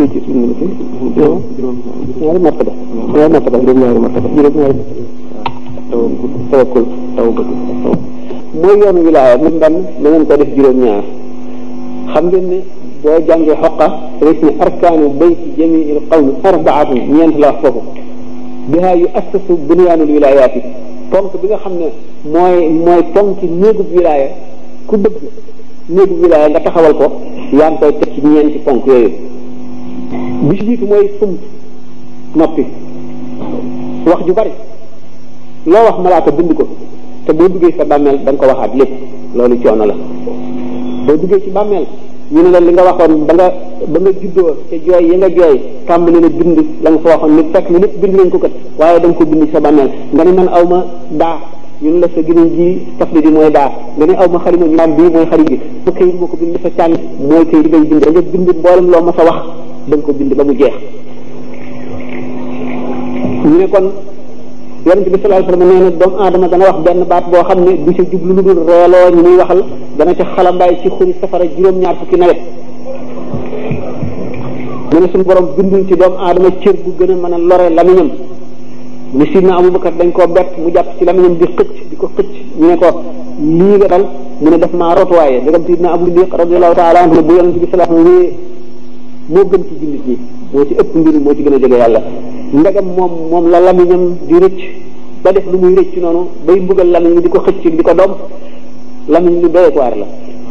dikkee ci suñu nit yi. juróom juróom mooy yoon wilaaya mu mban da ko def juróom-ñaar xam ngeen ni boo jàngee xoqa rek ne arkaanu bayti jamiil qawmi arbaatu ñeent la wax foofu bihaa yu assasu bunyaanul wilaayaati ponk bi nga xam ne mooy mooy ponk néegub wilaaya ku bëgg néegub wilaaya nga taxawal ko yaa koy teg ci ñeenti ponk yooyu bi ci jiitu mooy sum noppi wax ju bari loo wax malaaka bind ko te boo duggee sa bàmmeel da ko waxaat lépp loolu coono la boo duggee ci bàmmeel ñu ne la li nga waxoon ba nga ba nga juddoo te jooy yi nga jooy tàmbali na bind la nga fa waxoon ni fekk nu lépp bind nañ ko kat waaye da ko bind sa bàmmeel nga ne man aw ma daa ñu ne la sa gënañ ji tafli di mooy daa nga ne aw ma xarima ñu bii mooy xarit bi bu kayit ko bind sa cànn mooy kayit bi ngay bind da loo ma sa wax dañ ko bind ba mu jeex ñu ne kon yonent bi sallallahu alayhi wasallam nee na doomu aadama dana wax benn baat boo xam ne du ca jublu lu dul reeloo ñu muy waxal dana ca xalambaay ci xuri safara juróom-ñaar fukki nawet mu ne suñu borom bindul ci doomu aadama cër bu gën mën a lore lamiñam mu ne sidna Abubakar dañ koo bett mu jàpp ci lamiñam di xëcc di ko xëcc ñu ne ko lii nga dal mu ne daf maa rot waaye dagam sidna Abu Siddiq radiyallahu ta'ala anhu bu yonent bi sallallahu alayhi wasallam moo gën ci jullit ñi moo ci ëpp mbir moo ci gën a jege yàlla ndegam moom moom la lamiñam di rëcc ba def lu muy rëcc noonu bay mbugal lamiñ mi di ko xëcc di ko doom lamiñ lu doy waar la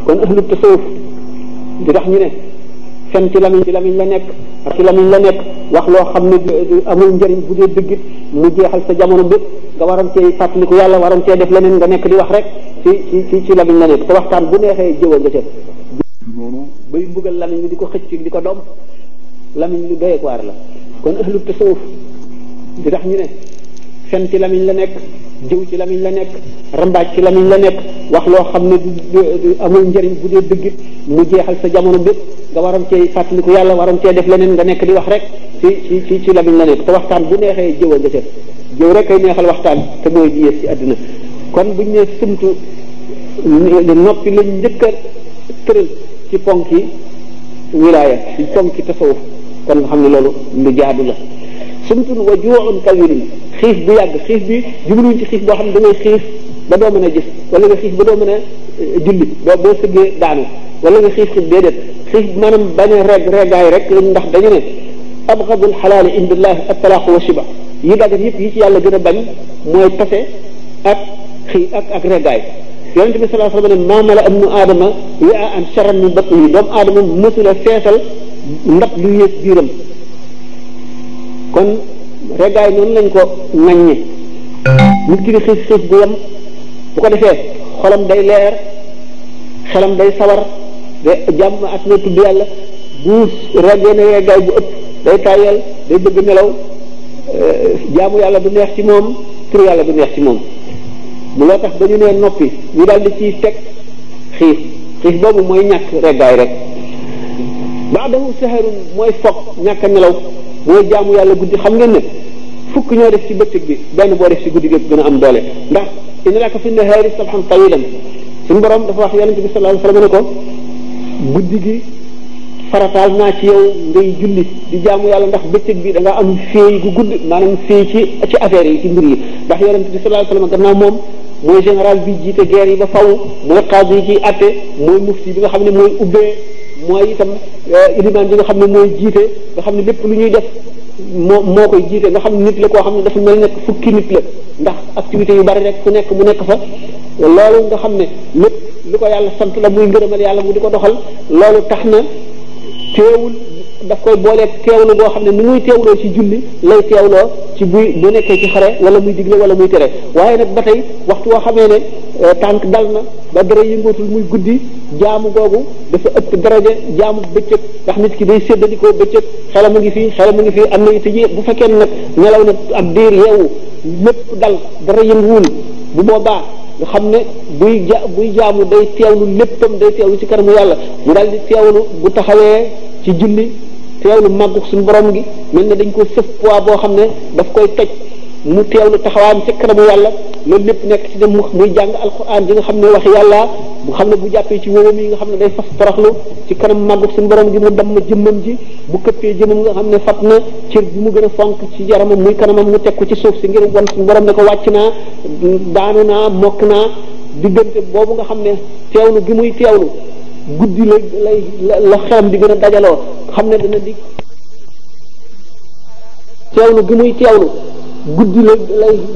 kon ahlu tasawuf di tax ñu ne fen ci lamiñ ci lamiñ la nekk ci lamiñ la nekk wax loo xam ne amul njëriñ bu dee dëggit mu jeexal sa jamono bépp nga waroon cee fàttaliku yàlla waroon cee def leneen nga nekk di wax rek ci ci ci lamiñ la nekk te waxtaan bu neexee jëwa nga ca bay mbugal lamiñ bi di ko xëcc di ko doom lamiñ lu doyeek waar la kon ahlu tasawuf di tax ñu ne fen ci lamiñ la nekk jëw ci lamiñ la nekk rambaaj ci lamiñ la nekk wax loo xam ne du amul njëriñ bu dee dëggit mu jeexal sa jamono bépp nga waroon cee fàttaliku yàlla waroon cee def leneen nga nekk di wax rek ci ci ci lamiñ la nekk te waxtaan bu neexee jëwa nga set jëw rek kay neexal waxtaan te mooy ji ci àddina kon buñ ne sumtu noppi lañ njëkk a ci ponki wilaaya ci ponki tasawuf kon nga xam ne loolu lu jaadu la sumtun wa juu'un kawirin xiif bu yàgg xiif bi jubluñ ci xiif boo xam ne da ngay xiif ba doo mën a gis wala nga xiif ba doo mën a eh, julli boo boo sëggee daanu wala nga xiif xiif déedéet xiif maanaam bañ a reg regaay rek ndax dañu ne abgadul xalaali indillah atalaaqu wa shiba yi dagat yëpp yi ci yàlla gën a bañ mooy tase ak xii ak ak regaay yonente bi sallallahu alayhi wasallam ne maa mala ibnu aadama am a an charan min batnihi doomu aadama mësula feesal ndab lu yées biiram kon regaay noonu lañ ko ŋaññe nit ki di xiif xiif bu yem bu ko defee xolam day leer xelam day sawar day jàmm ak na tudd yàlla bu ragee ne regaay bu ëpp day tàyyeel day bëgg nelaw euh, jaamu yàlla bu neex ci moom tur yàlla du neex ci moom mu loo tax ba ñu nee noppi ñu daal di ciy teg xiif xiif boobu mooy ñàkk reggaay rek baadahu saharun mooy foog ñàkk a nelaw mooy jaamu yàlla guddi xam ngeen ne fukk ñoo def ci bëccëg bi benn boo def ci guddi am doole ndax inna laka fi nahaari sabhan tawilan suñu borom dafa wax yonente bi sallallahu alayhi wasallam ne ko guddi gi farataal naa ci yow ngay julli di jaamu yàlla ndax bëccëg bi danga nga am féey gu gudd maanaam fii ci ci affaire yi ci mbir yi ndax yonente bi sallallahu alayhi wasallam gannaaw moom mooy général bi jiite geer yi ba faw mooy xaadi yi ciy atte mooy mufti bi nga xam ne mooy ubbee mooy itam euh, ilimaan bi nga xam ne mooy jiite nga xam ne lépp lu ñuy def moo moo koy jiite nga xam ne nit la koo xam ne dafa mel nekk fukki nit la ndax activité yu bari rek fu nekk mu nekk fa loolu nga xam ne lépp lu ko yàlla sant la muy ngërëmal yàlla mu di ko doxal loolu tax na teewul daf koy booleeg teewlu goo xam ne ni muy teewloo ci julli lay teewloo ci buy bu nekkee ci xare wala muy digle wala muy tere waaye nag ba tey waxtu woo xamee ne euh, tànk dal na ba dara yëngootul muy guddi jaamu googu dafa ëpp daraja jaamu bëccëg nit ki day séddalikoo bëccëg xelam a ngi fii xelam a ngi fii am na it bu fekkee nag nelaw na ak diir yeewu lépp dal dara yënguwul bu boobaa nga xam ne buy ja buy jaamu day teewlu léppam day teew ci kanamu yàlla mu daal di teewlu bu taxawee ci julli teewlu màggug suñu borom gi mel na dañ ko sëf poids boo xam ne daf koy toj mu teewlu taxawaam ci kanamu yàlla loolu lépp nekk ci dem muy jàng alquran di nga xam ne wax yàlla xam ne bu jàppee ci wowam yi nga xam ne day fas toroxlu ci kanam màggug suñu borom gi mu ma jëmmam ji bu këppee jëmmam nga xam ne fab na cër bi mu gën a fonk ci yaramam muy kanamam mu teg ko ci suuf si ngir wan suñu borom ne ko wàcc naa daanu naa mokk naa diggante boobu nga xam ne teewlu gi muy teewlu guddi lay lay la xelam di gën a dajaloo xam ne dana di teewlu gi muy teewlu guddi lay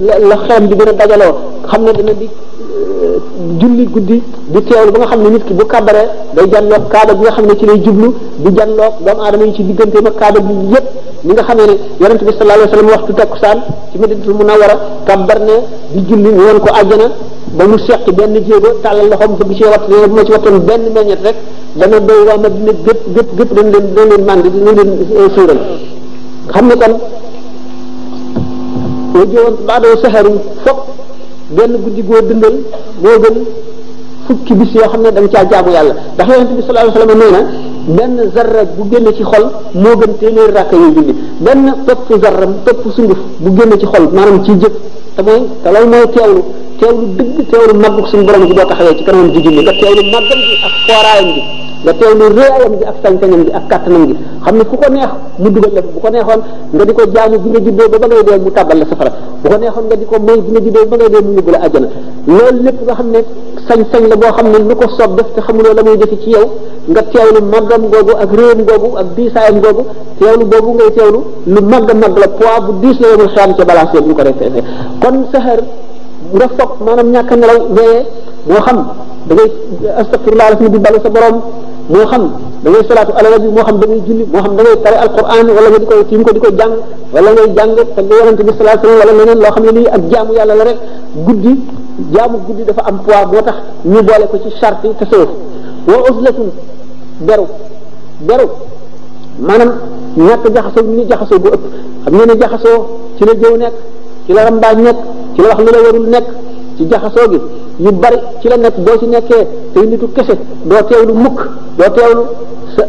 lay la xelam di gën a dajaloo xam ne dana di euh, julli guddi di teewlu ba nga xam ne nit ki bu kàbbaree day jàlloog kaaba bi nga xam ne ci lay jublu di jàlloog doomu aadama yi ci diggante ma kaaba bi yépp ni nga xamee ne yonent bi sallallahu alayhi wasallam waxtu takkusaan ci madinatul munawwara kàbbar ne di julli woon ko àjjana ba mu seqi benn jéego tàllal loxoom bëgg ci wat nee bu ma ci wattoon benn meññet rek dana doy waa Madina gëpp gëpp gëpp dañ leen dañ leen mànd dina leen suural xam ne kon boo jëwoon baadoo saxarin foog benn guddi goo dundal moo gën fukki bis yoo xam ne da caa jaamu yàlla ndax yonent bi sallallahu alayhi benn zarra bu génn ci xol moo gën téeméeri rakka yooyu julli benn topp zarra topp sunguf bu génn ci xol maanaam ci jëf te mooy te loolu mooy teewlu teewlu dëgg teewlu màggug suñu borom ci kanamam ji julli nga teewlu màggam gi ak fooraayam xam ne ko neex mu dugal la bu ko neexoon nga di ko jaamu bi nga juddoo ba ba ngay dee mu tàbbal la safara bu ko neexoon nga di ko mooy bi nga xam ne sañ-sañ boo xam ne lu ko soob def te xamuloo la muy defi ci yow nga teewlu màggam googu ak réewam googu ak diisaayam googu teewlu googu lu màgg a màgg la poids bu diis la yomal xaam ca balance boobu ñu ko defee kon saxar nga soog maanaam ñàkk a nelaw weeye moo xam da ngay astafirullah la fi di balu sa borom moo xam da ngay salaatu a nabi moo xam da ngay julli moo xam da ngay tare alquran wala nga di koy tiim ko di ko jàng wala ngay jàng te nga yonente bi salaa sallam wala leneen loo xam ne lii ak jaamu yàlla la rek guddi jaamu guddi dafa am poids moo tax ñu boole ko ci charte tasawuf wa uzlatun beru beru maanaam ñàkk jaxasoo ni jaxasoo bu ëpp xam ngeen ne jaxasoo ci la jëw nekk ci la rambaaj nekk ci la wax lu la warul nekk ci jaxasoo gi yu bari ci la nekk boo ci nekkee tey nitu kese doo teewlu mukk doo teewlu sa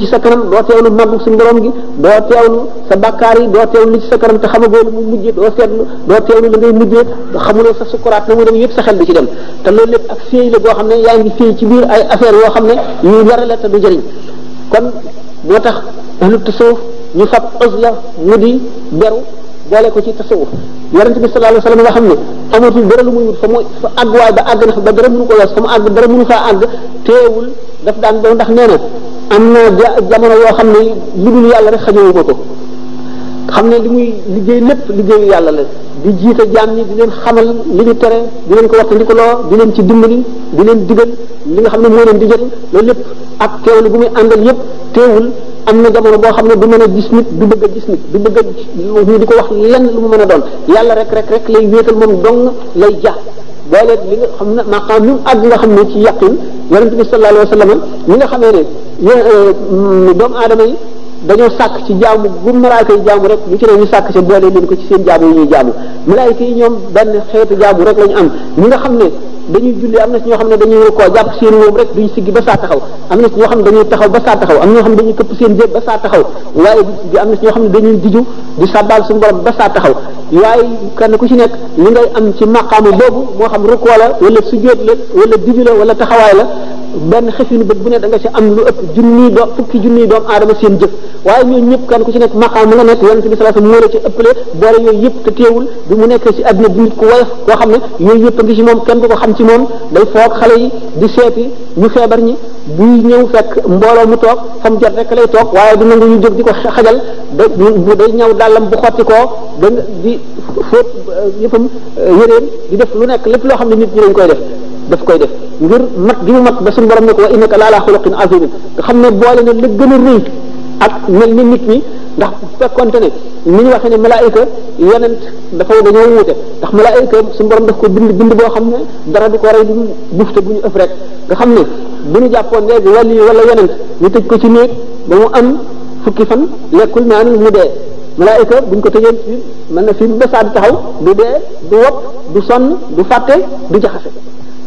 ci sa kanam doo teewlu màggu suñu borom gi doo teewlu sa yi doo teewlu li ci sa kanam te xamagoo lu mu mujjee doo seetlu doo teewlu la ngay mujjee xamuloo sa sukuraat na mu dem yëpp sa xel bi ci dem te loolu lépp ak féey la boo xam ne yaa ngi féey ci biir ay affaire yoo xam ne yu yar la te du jëriñ kon moo tax lu tasawuf ñu fab uzla mu di beru boole ko ci tasawuf yonente bi sallallahu alayhi wasallam nga xam ne amatul dara lu muy wut fa mooy fa àgg waay ba àgg na fa ba dara mënu ko wees fa mu àgg dara mënu faa àgg teewul daf daan doon ndax nee am na jamono yoo xam ne lu dul yàlla rek xañowu ko ko xam ne li muy liggéey lépp liggéeyu yàlla la di jiite jaam ñi di leen xamal li ñu tere di leen ko wattandi ko loo di leen ci dimbali di leen digal li nga xam ne moo leen di jël loolu lépp ak teewlu bu muy àndal yépp teewul am na jamono boo xam ne du mën a gis nit du bëgg a gis nit du bëgg a ñu di ko wax lenn lu mu mën a doon yàlla rek rek rek lay wéetal moom dong lay ja booleet li nga xam ne maqaam lu mu àgg nga xam ne ci yàqin yonent bi sallallahu alayhi wa sallam ñi nga xamee ne euh, doomu aadama yi dañoo sàkk ci jaamu bu malaaka yi jaamu rek lu ci ne ñu sàkk ca boole leen ko ci seen jaamu yi ñuy jaamu malaayka yi ñoom benn xeetu jaamu rek la am ñi nga xam ne dañuy julli am na ci ñoo xam ne dañuy rukkoo jàpp seen wóom taxaw xam ne dañuy taxaw ba saa taxaw am ñoo xam ne dañuy këpp seen jéb ba saa taxaw waaye di ku ci nekk li ngay am ci maqaamu boobu moo xam rukkoo la wala sujjóot la wala diju la wala taxawaay la benn xefinu bët bu ne da nga am lu ëpp junniy doom aadama seen jëf waaye ñooñu ñëpp kenn ku ci nekk maqaam nga nekk yonent bi sallallahu alayhi wasallam moo la ci ëppale boole yooyu yëpp te teewul bi mu nekk ci àdduna bi nit ku woyof koo ci moom day foog xale yi di seeti ñu feebar ñi buy ñëw fekk mbooloo mu toog xam jot rek lay toog waaye du nangu ñu jóg di ko xajal da day ñëw dàllam bu xotti koo da di fóot euh, yëppam euh, yëréen di def lu nekk lépp loo xam ne nit ñi dañ koy def daf koy def ngir mat gi mu mat ba suñu borom ne ko wa innaka laalaa xuluqin azimin nga xam ne boole na la gën a rëy ak mel ni nit ñi ndax fekkonte ne ni ñu waxee ne malaayika yonent dafa dañoo wuute ndax malaayika suñu borom daf ko bind bind boo xam ne dara du ko rey duñu buuf te bu ñu ëpp rek nga xam ne bu ñu jàppoon léegi wàll yi wala yonent ñu tëj ko ci néeg ba mu am fukki fan lekkul naanul mu dee malaayika buñ ko tëjoon ci mën na fi ba saa di taxaw du dee du wopp du sonn du fàtte du jaxase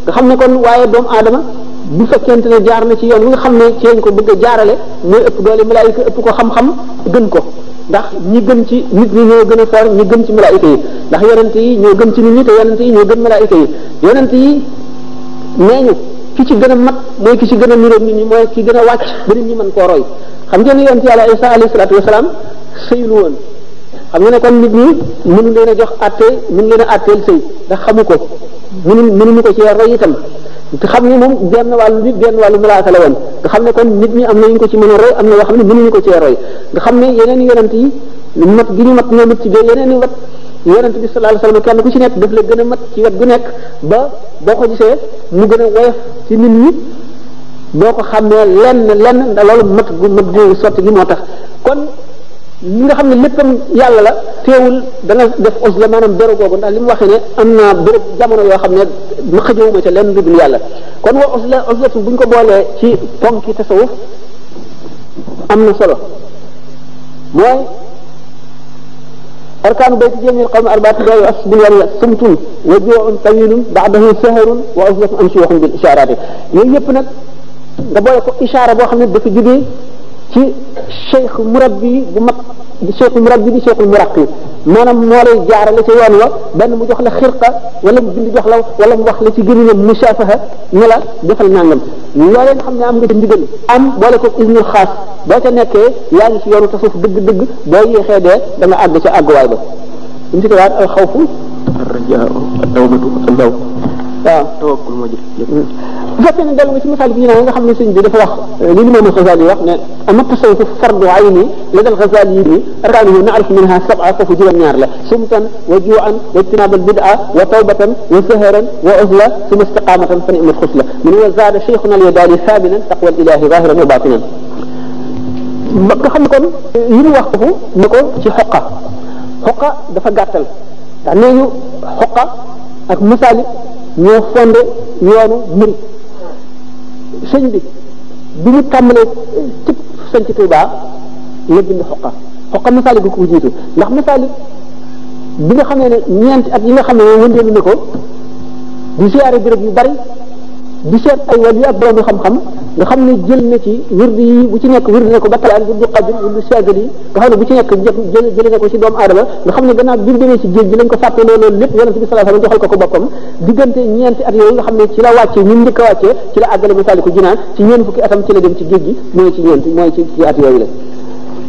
nga xam ne kon waaye doomu aadama bu fekkente ne jaar na ci yoon wi nga xam ne ci lañ ko bëgg jaarale mooy ëpp doole malaayika ëpp ko xam-xam gën ko ndax ñi gën ci nit ñi ñoo gën a for ñi gën ci malaayika yi ndax yonent yi ñoo gën ci nit ñi te yonent yi ñoo gën malaayika yi yonent yi nee ñu ki ci gën a mat mooy ki ci gën a nit ñi mooy ki gën a wàcc ba nit ñi mën koo roy xam ngeen ne yonent yàlla Isa alayhi salaatu wasalaam sëylu xam nga ne kon nit ñi mënu leen a jox àtte mënu leen a àtteel sëy ndax xamu ko mënu mënuñu ko ci roy itam te xam ne moom genn wàllu nit genn wàllu malaaka la woon nga xam ne kon nit ñi am na ñu ko ci mën a roy am na yoo xam ne mënuñu ko cee roy nga xam ne yeneen yonent yi mat gi ñu mat ñoom it ci yeneen i wat yonent bi sallallahu alayhi wasallam kenn ku ci nekk daf la gën a mat ci wet gu nekk ba boo ko gisee mu gën a woyof ci nit ñi boo ko xamee lenn lenn loolu mat gu mat gu sotti gi moo tax kon ñi nga xam ne léppam yàlla la teewul dana def os la maanaam béréb googu li mu waxee ne am naa béréb jamono yoo xam ne ma xëjowuma ca lenn lu dul yàlla kon wa os la bu ñu ko boolee ci ponk yi tasawuf am na solo mooy arkaanu bayti jamil qawmi arbaati day as bul wari sumtun wa ju'un tawilun ba'dahu wa oslatu am si waxum bil ishaaraati yooyu yëpp nag nga boole ko ishaara boo xam ne dafa jugee ci cheikh murabbi bu mag di cheikh murabbi di cheikh muraqi maanaam jaar a jaarale ca yoon wa benn mu jox la xirqa wala mu bind jox la wala mu wax la ci mu musafaha ñu la defal nangam loo leen xam ne am nga ci ndigal am boole ko isnul xaas boo ca nekkee yaa ngi ta yoonu tasawuf dëgg-dëgg boo yéexee dee da nga àgg ca àgguwaay ba suñ ci tewaat al xawfu arrajaa adawmatu allaw waaw tawakkul moo jëf lépp bu fekkee ne dellu nga ci misaal bi ñu naan nga xam ne sëñ bi dafa wax euh, li li moom Xasaali wax ne ama tasawuf fardu ayni la dal Xasaali yi ni arkaanu naarif minha sab'a foofu juróom-ñaar la sumtan wa juan wa ijtinabal bid'a wa tawbatan wa saharan wa uzla suma istiqamatan fa ni'mat xusla mu ne wa zaada cheikhuna al yadaali saabinan taqwa ilahi zahiran wa batinan nga xam ne kon yi ñu wax foofu ne ko ci xoqa xoqa dafa gàttal ndax nee ñu xoqa ak misaali ñoo fondé yoonu murid sëñ bi bi mu tàmbalee ci sëñ ci Tuubaa la bind xoqa xoqa masaalik ko ko jiitu ndax masaalik bi nga xam ne ne ñeenti at yi nga xam ne wëndeelu na ko di siyaare béréb yu bari di seet ay wàll yi ak borom xam-xam nga xam ne jël na ci wirdi yi bu ci nekk wirdi na ko ba talaan wirdu xadir wirdu sagar yi nga xam ne bu ci nekk jël jëli na ko ci doomu aadama nga xam ne gannaaw bi mu demee ci géej gi lañ ko fàtte loolu lépp yooyu nga xam ne ci la wàccee ñu njëkk a wàccee ci la àggale Masaalikul Jinaan ci ñeent fukki atam ci la dem ci géej gi mooy ci ñeent mooy ci ci at yooyu la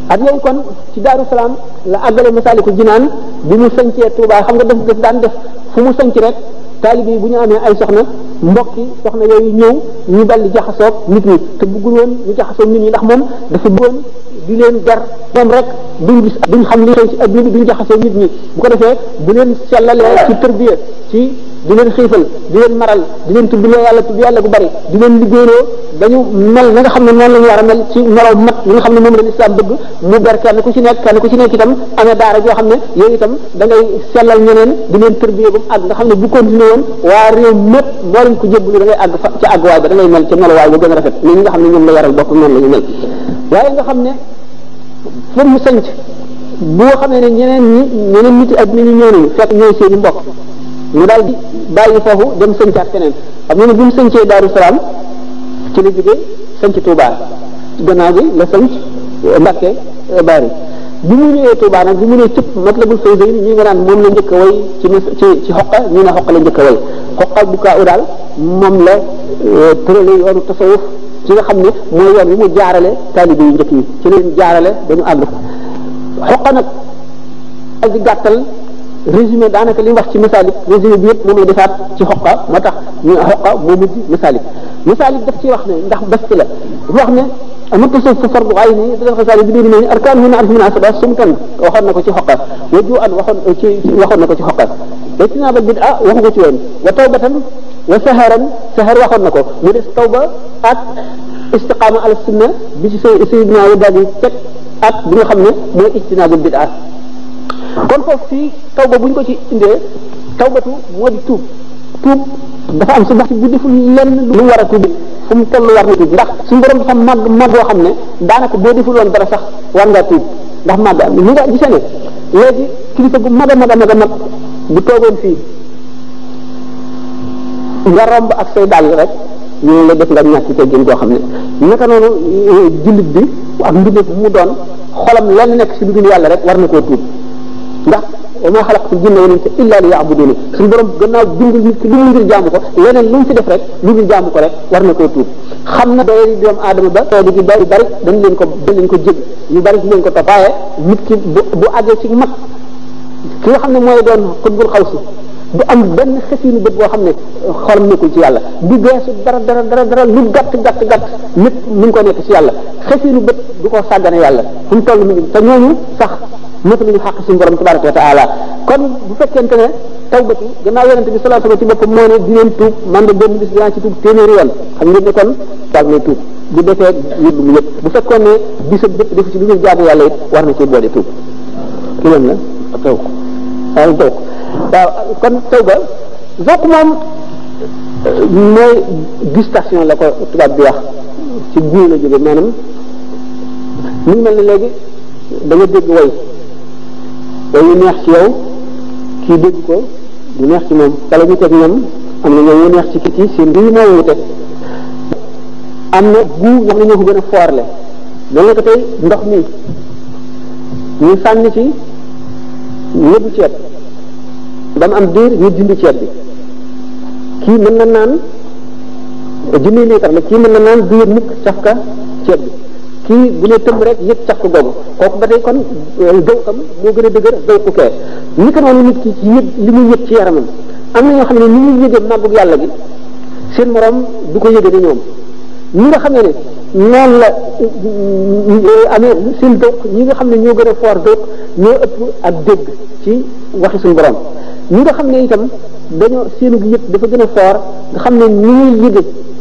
at yooyu kon ci Daaru Salaam la àggale Masaalikul Jinaan mu sancee Tuubaa xam nga def def daan def fu rek taalibe yi bu ñu amee ay soxna mbokki soxna yooyu ñëw ñu dal di jaxasoog nit ñi te bëggul woon ñu jaxasoog nit ñi ndax moom dafa bëggoon di leen ber moom rek duñ gis duñ xam li xew ci adduna bi duñ jaxasoog nit ñi bu ko defee bu leen sellalee ci tërbiya ci di leen xiifal di leen maral di leen tuddloo yàlla tudd yàlla bu bari di leen liggéeyloo dañu mel na nga xam ne noonu la ñu war a mel ci melaw mat li nga xam ne moom la lislaam bëgg mu ber ku ci nekk kenn ku ci nekk itam amee xam ne yooyu itam da ngay sellal ñeneen di leen tërbiyee ba nga xam ne bu continué woon waa réew mépp boo ko jébbalu da ngay àgg fa ca àgg waay ba da ngay mel ca melawaay ba gën a rafet mais ñi nga xam ne ñoom la la nga xam ne fër mu sanc boo xamee ne ñeneen ñi ñeneen niti ak ni ñu ñëw nañu fekk ñooy seeni mbokk mu daal di bàyyi foofu dem sëncaat feneen xam nga ne bi mu sëncee Daaru ci la jógee sënc Touba gannaaw gi la sënc euh, Mbacké euh, Bari bi mu ñëwee Touba nag bi mu ne cëpp Matlabul Fawzayni ñi nga naan moom la njëkk way ci ci ci xoqa ñu ne xoqa la njëkk a way xoqa bu daal moom la euh, tërale yoonu tasawuf ci nga xam ne mooy yoon wi mu jaarale taalibe yu njëkk yi ci leen jaarale dañu àgg xoqa nag ak gàttal résumé daanaka li mu wax ci misalik résumé bi yëpp moom la defaat ci xoqa moo tax ñu xoqa moo mujj ci wax ne ndax bés la wax ne amut tasawuf fardu ayn ni dal xasaali bi dee ni arkaan hun arif min asaba sumtan waxoon ko ci xoqa wa ju'an waxoon ci waxoon na ko ci xoqa ijtinaabal bid'a waxu ko ci woon wa tawbatan wa saharan sahar waxoon na ko mu des tawba ak istiqaama ala sunna bi ci sayyidina wa daal di teg ak bi nga xam ne mooy ijtinaabul bid'a kon foofu fii tawba buñ ko ci indee tawbatu moo di tuub tuub dafa am su bax ci bu deful lenn lu mu war a tuub fu mu toll war na tuub ndax suñu borom dafa màgg màgg boo xam ne daanaka boo deful woon dara sax war ngaa tuub ndax màgg am li nga gisee ne léegi kilifa gu mag a mag a mag a mag fii nga romb ak say dàll rek la def nga ñàkk teggin xam ne naka noonu eh, jullit bi ak mbindeef mu doon xolam lenn nekk ci dugg yàlla rek war na koo tuub ndax ma xalaqtul jinna wal insa illa li ya'buduni suñu borom gannaaw bind nit ki lu mu ngir jaamu ko leneen lu mu fi def rek lu ngir jaamu ko rek war na koo tuub xam na doyal doomu aadama ba tool bi bari bari dañ leen ko dañ leen ko jëg yu bari dañ leen ko toppaaye nit ki bu bu àggee mag ki nga xam ne mooy doon xutbul xaw si du am benn xësiinu bët boo xam ne xolam nekkul ci yàlla du geesu dara dara dara dara lu gàtt gàtt gàtt nit mu ngi ko nekk ci yàlla xësiinu bët du ko sàggane yàlla fu mu toll mu ngi te ñooñu sax nettali ñu xàq suñu borom tabaraka wa kon bu fekkente ne tawbatu gannaaw yonente bi sallallahu alayhi wasallam ci boppam moo ne di tuub man de benn bis dinaa ci tuub téeméeri yoon xam ngeen ne kon daal nay tuub bu defee yëddu mu yëpp bu fekkoon ne bisab bépp defu ci lu ñuy jaamu yàlla it war na koy boole tuub ki lan la taw waaw waaw kon tawba zokk moom mooy distation la ko tubaab bi wax ci guur la jóge maanaam mu mel ne léegi da dégg way ba ñu neex ci yow kii dégg ko du neex ci moom kala ñu teg ñoom am na ñoom ñu neex ci kii ci seen biir moo wute am na guub wax nañu ko gën a foorle mel na ko tey ndox mi ñu sànni ci nëbu ceeb ba mu am diir ñu dindi ceeb bi kii mën na naan junni liitar la kii mën na naan du yëg mukk cafka ceeb bi kii bu ne rek yëpp caq googu kooku ba tey kon euh, gawkam moo gën a dëgër gawku kee ni ko noonu nit ki ci yëg li muy yëg ci yaramam am na ñoo xam ne ni muy yëgee màggug yàlla gi seen morom du ko yëgee ni ñoom nga xam ne ne noonu la euh, euh, amee seen dëkk ñi nga xam ne ñoo gën a foor dëkk ñoo ëpp ak dégg ci waxi suñu borom ñu nga xam ne itam dañoo seenu gi yëpp dafa gën a foor nga xam ne ni muy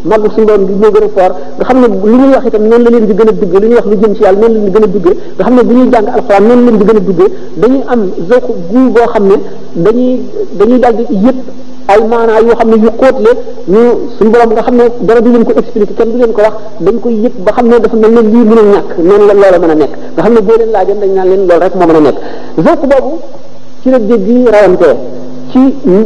màggu suñu bi gi moo gën a foor nga xam ne lu ñuy wax itam noonu la leen di gën a duggee lu ñuy wax lu jëm ci yàlla noonu la leen di gën a duggee nga xam ne bu ñuy jàng alxuraan noonu leen di gën a duggee dañuy am zoq gu boo xam ne dañuy dañuy daldi yëpp ay maanaa yoo xam ne yu xóot la ñu suñu borom nga xam ne dara du leen ko expliquer kenn du leen ko wax dañ koy yëpp ba xam ne dafa mel ne lii mën a ñàkk noonu la loola mën a nekk nga xam ne boo leen laajoon dañ naan leen loolu rek moo mën a nekk zoq boobu ci la dégg ci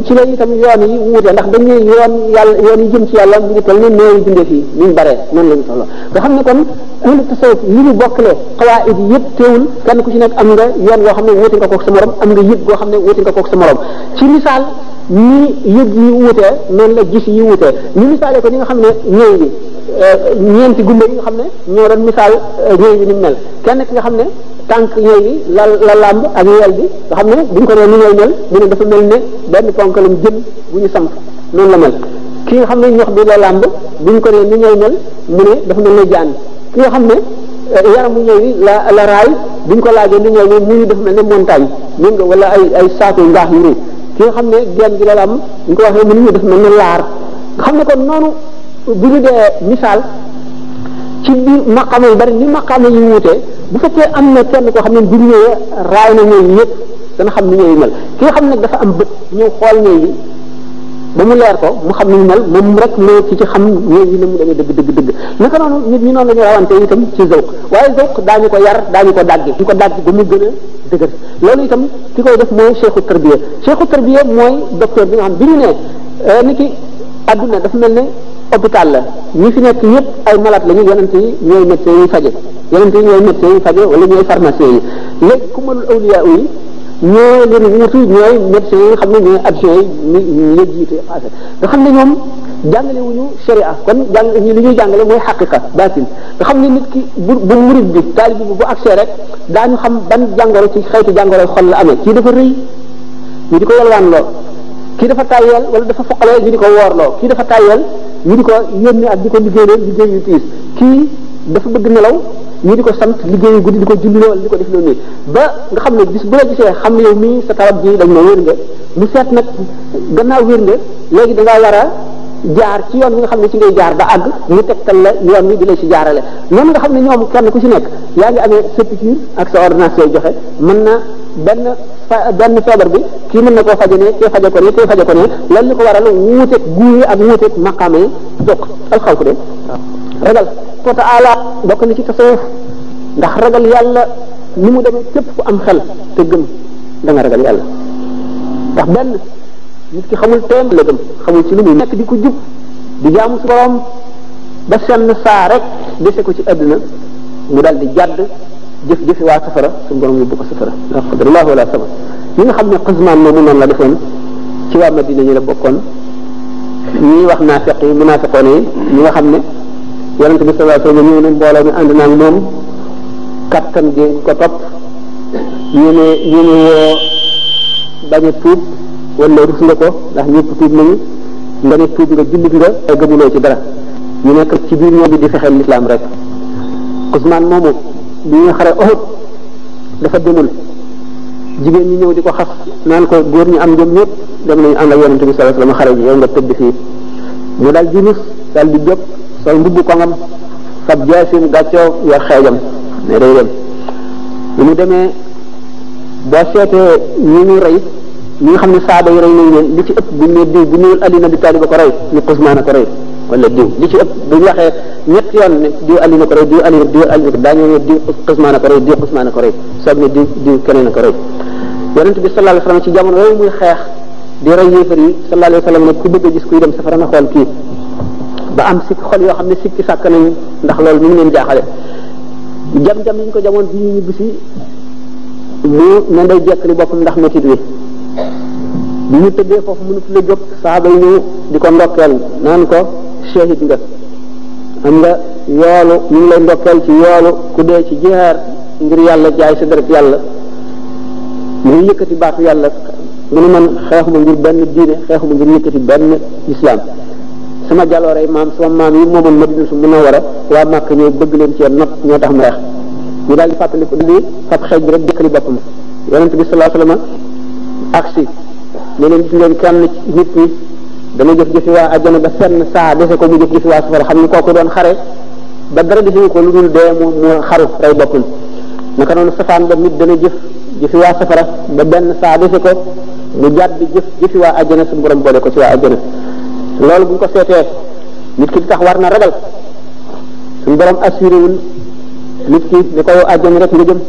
ci la itam yoon yi wuute ndax dañuy yoon yàlla yoon yi jëm ci yàlla mu ngi toll ni néew bindee fii ni mu bare noonu la ñu nga xam ne kon ahlu tasawuf li ñu bokkale xawaid yi yëpp teewul kenn ku ci nekk am nga yoon woo xam ne wuute nga kook sa morom am nga yëg goo xam ne wuute nga kook sa morom ci misaal ni yëg yi wuute noonu la gis yi wuute ñu misaalee ko ñi nga xam ne ñëw bi euh, ñeenti gumba yi nga xam ne ñoo doon misaal ñëw euh, bi ni mel kenn ki nga xam ne tànk ñooy bi la la làmb ak yeel bi nga xam ne buñ ko nee nu ñooy mel mu ne dafa mel ne benn ponkalum jën bu ñu samp noonu la mel ki nga xam ne ñox bi la làmb buñ ko nee ni ñooy mel mu ne dafa mel ne jaan ki nga xam ne eh, yaramu ñooy la la raay ko laajee ni ñooy bi muy dafa mel ne montagne mun nga wala ay ay saako ngaax yu ki nga xam ne genn gi la làmb buñ ko waxee mu ne dafa mel ne laar nga xam ne kon noonu bu ñu dee misaal ci biir maqaama yu bari ni maqaama yu wuutee bu fekkee am na kenn koo xam ne bu ñëwee raay na ñooyu yëpp dana xam ni ñooyu mel ki nga xam ne dafa am bët ñëw xool ñooy yi ba mu leer ko mu xam ni ñu mel moom rek moo ci ci xam ñooy yi na mu demee dëgg dëgg dëgg naka noonu nit ñi noonu la ñu rawante itam ci zawq waaye zawq daañu ko yar daañu ko dàggi ñu ko dàggi ba mu gën a dëgër loolu itam ki koy def mooy cheikhu tarbiya cheikhu tarbiya mooy docteur bi nga xam bi ñu ne euh, ni ki adduna dafa mel ne hôpital la ñu fi nekk yëpp ay malade la ñu yonente yi ñooy médecin yi faje yonent yi ñooy médecin yi faje wala ñooy pharmacien yi léegi ku mënul awliya yi ñoo leen wuutu ñooy médecin yi nga xam ñooy adjoint yi nga xam ne ñoom jàngale wuñu sharia kon jàng li ñuy jàngale mooy xaqiqa baatin nga xam ne nit ki bu bu murid bi taalib bi bu agsee rek daañu xam ban jàngoro ci xeetu jàngoro xol la amee kii dafa rëy ñu di ko yalwaan loo kii dafa tayeel wala dafa foqalee ñu di ko loo kii dafa tayeel ñu di ko yónni ak di ko liggéey liggéey yu tiis dafa bëgg nelaw ñu di ko sant liggéeyu guddi di ko julliloo di ko def loolu nii ba nga xam ne bis bu la gisee xam ne yow mii sa tarab ji dañ moo wér nga mu seet nag gannaaw wér nga léegi dangaa war a jaar ci yoon bi nga xam ne ci ngay jaar ba àgg mu tegtal la yoon wi di la ci jaarale noonu nga xam ne ñoom kenn ku ci nekk yaa ngi amee sa piqûre ak sa ordonnance joxe mën na benn fa benn feebar bi kii mën na koo faje ne kee faje ko ne kee faje ko ne loolu ko waral wuuteeg guur yi ak yi dokk alxawku de waaw ragal ko taala bokk na ci tasawuf ndax ragal yàlla ni mu demee képp ku am xel te gëm da nga ragal yàlla ndax benn nit ki xamul teem la gëm xamul ci lu muy nekk di ko jub di jaamu su borom ba senn saa rek dese ko ci àdduna mu dal di jàdd jëf jëfi waa safara suñu borom yóbbu ko safara la qadrallahu ñi nga xam ne xismaan moomu noonu la defoon ci waa Madina ñu la bokkoon ñi wax naafiq yi munaafiqoon yi ñi nga xam ne yonent bi sallallahu alayhi wa sallam ñëw na mbooloo mi ànd naa ak moom kattan gi ko topp yéene yéene woo bañ a tuub wala rus nga ko ndax ñëpp tuub nañu nga ne tuub nga jullit nga ay gëmuloo ci dara ñu nekk ci biir ñoom bi di fexeel lislaam rek Ousmane moomu bi ñu xare Uhud dafa demul jigéen ñi ñëw di ko xas naan ko góor ñi am jom ñëpp dem nañu ànd ak yonent bi sallallahu alayhi xare ji yow nga tëdd fii mu daal junus daal di jóg sol mbubb kongam fab jaasim gàccoo yor xeejam ne day dem bi mu demee boo seetee ñi ñu rey ñi nga xam ne saaba yi rey nañ leen li ci ëpp bu ñu nee diw bu ñëwul na bi Taalib ko rey ñu Usmaan a ko rey wala diw li ci ëpp bu ñu waxee ñett yoon ne diw Ali na ko rey diw Ali na diw Ali na ko daañu ne diw Usmaan a ko rey diw Usmaan a ko rey soog ne diw diw keneen a bi sallallahu alayhi wa sallam ci jamono yooyu muy xeex di rey yéefar yi sallallahu alayhi wa sallam ne ku bëgg a gis kuy safara na xool kii ba am sikki xol yoo xam ne sikki sàkk nañu ndax loolu mu ngi leen jaaxale jam-jam yi ñu ko jamoon bi ñu ñibbisi mu ne day jekkali boppam ndax métit wi bi ñu tëddee foofu mënut la jóg saaba yi ñu di ko ndokkeel naan ko shahid nga am nga yoolu ñu lay ndokkeel ci yoolu ku dee ci jihaar ngir yàlla jaay sa deret yàlla ngir yëkkati baatu yàlla mu ne man xeexuma ngir benn diine xeexuma ngir yëkkati benn islam sama jaloorey maam sama maam yi moomoon Madina su mën a war a waa màkk ñoo bëgg leen cee not ñoo tax ma reex ñu daal di fàttali ko lii fab xeej bi rek dëkkali boppam yonent bi sallallahu alayhi wasallam aksi ne leen gis ngeen kenn nit ñi dana jëf jëfi waa àjjana ba fenn saa dese ko mu jëf jëfi waa safara xam ni kooku doon xare ba dara ko lu dul dee mu mu xaru rey boppam naka noonu safaan ba nit dana jëf jëfi waa safara ba benn saa dese ko mu jàdd jëf jëfi waa àjjana su borom boole ko ci waa àjjana loolu bu ñu ko seetee nit ki di tax war na ragal suñu borom assuré wul nit ki ni ko yow àjjana rek nga jëm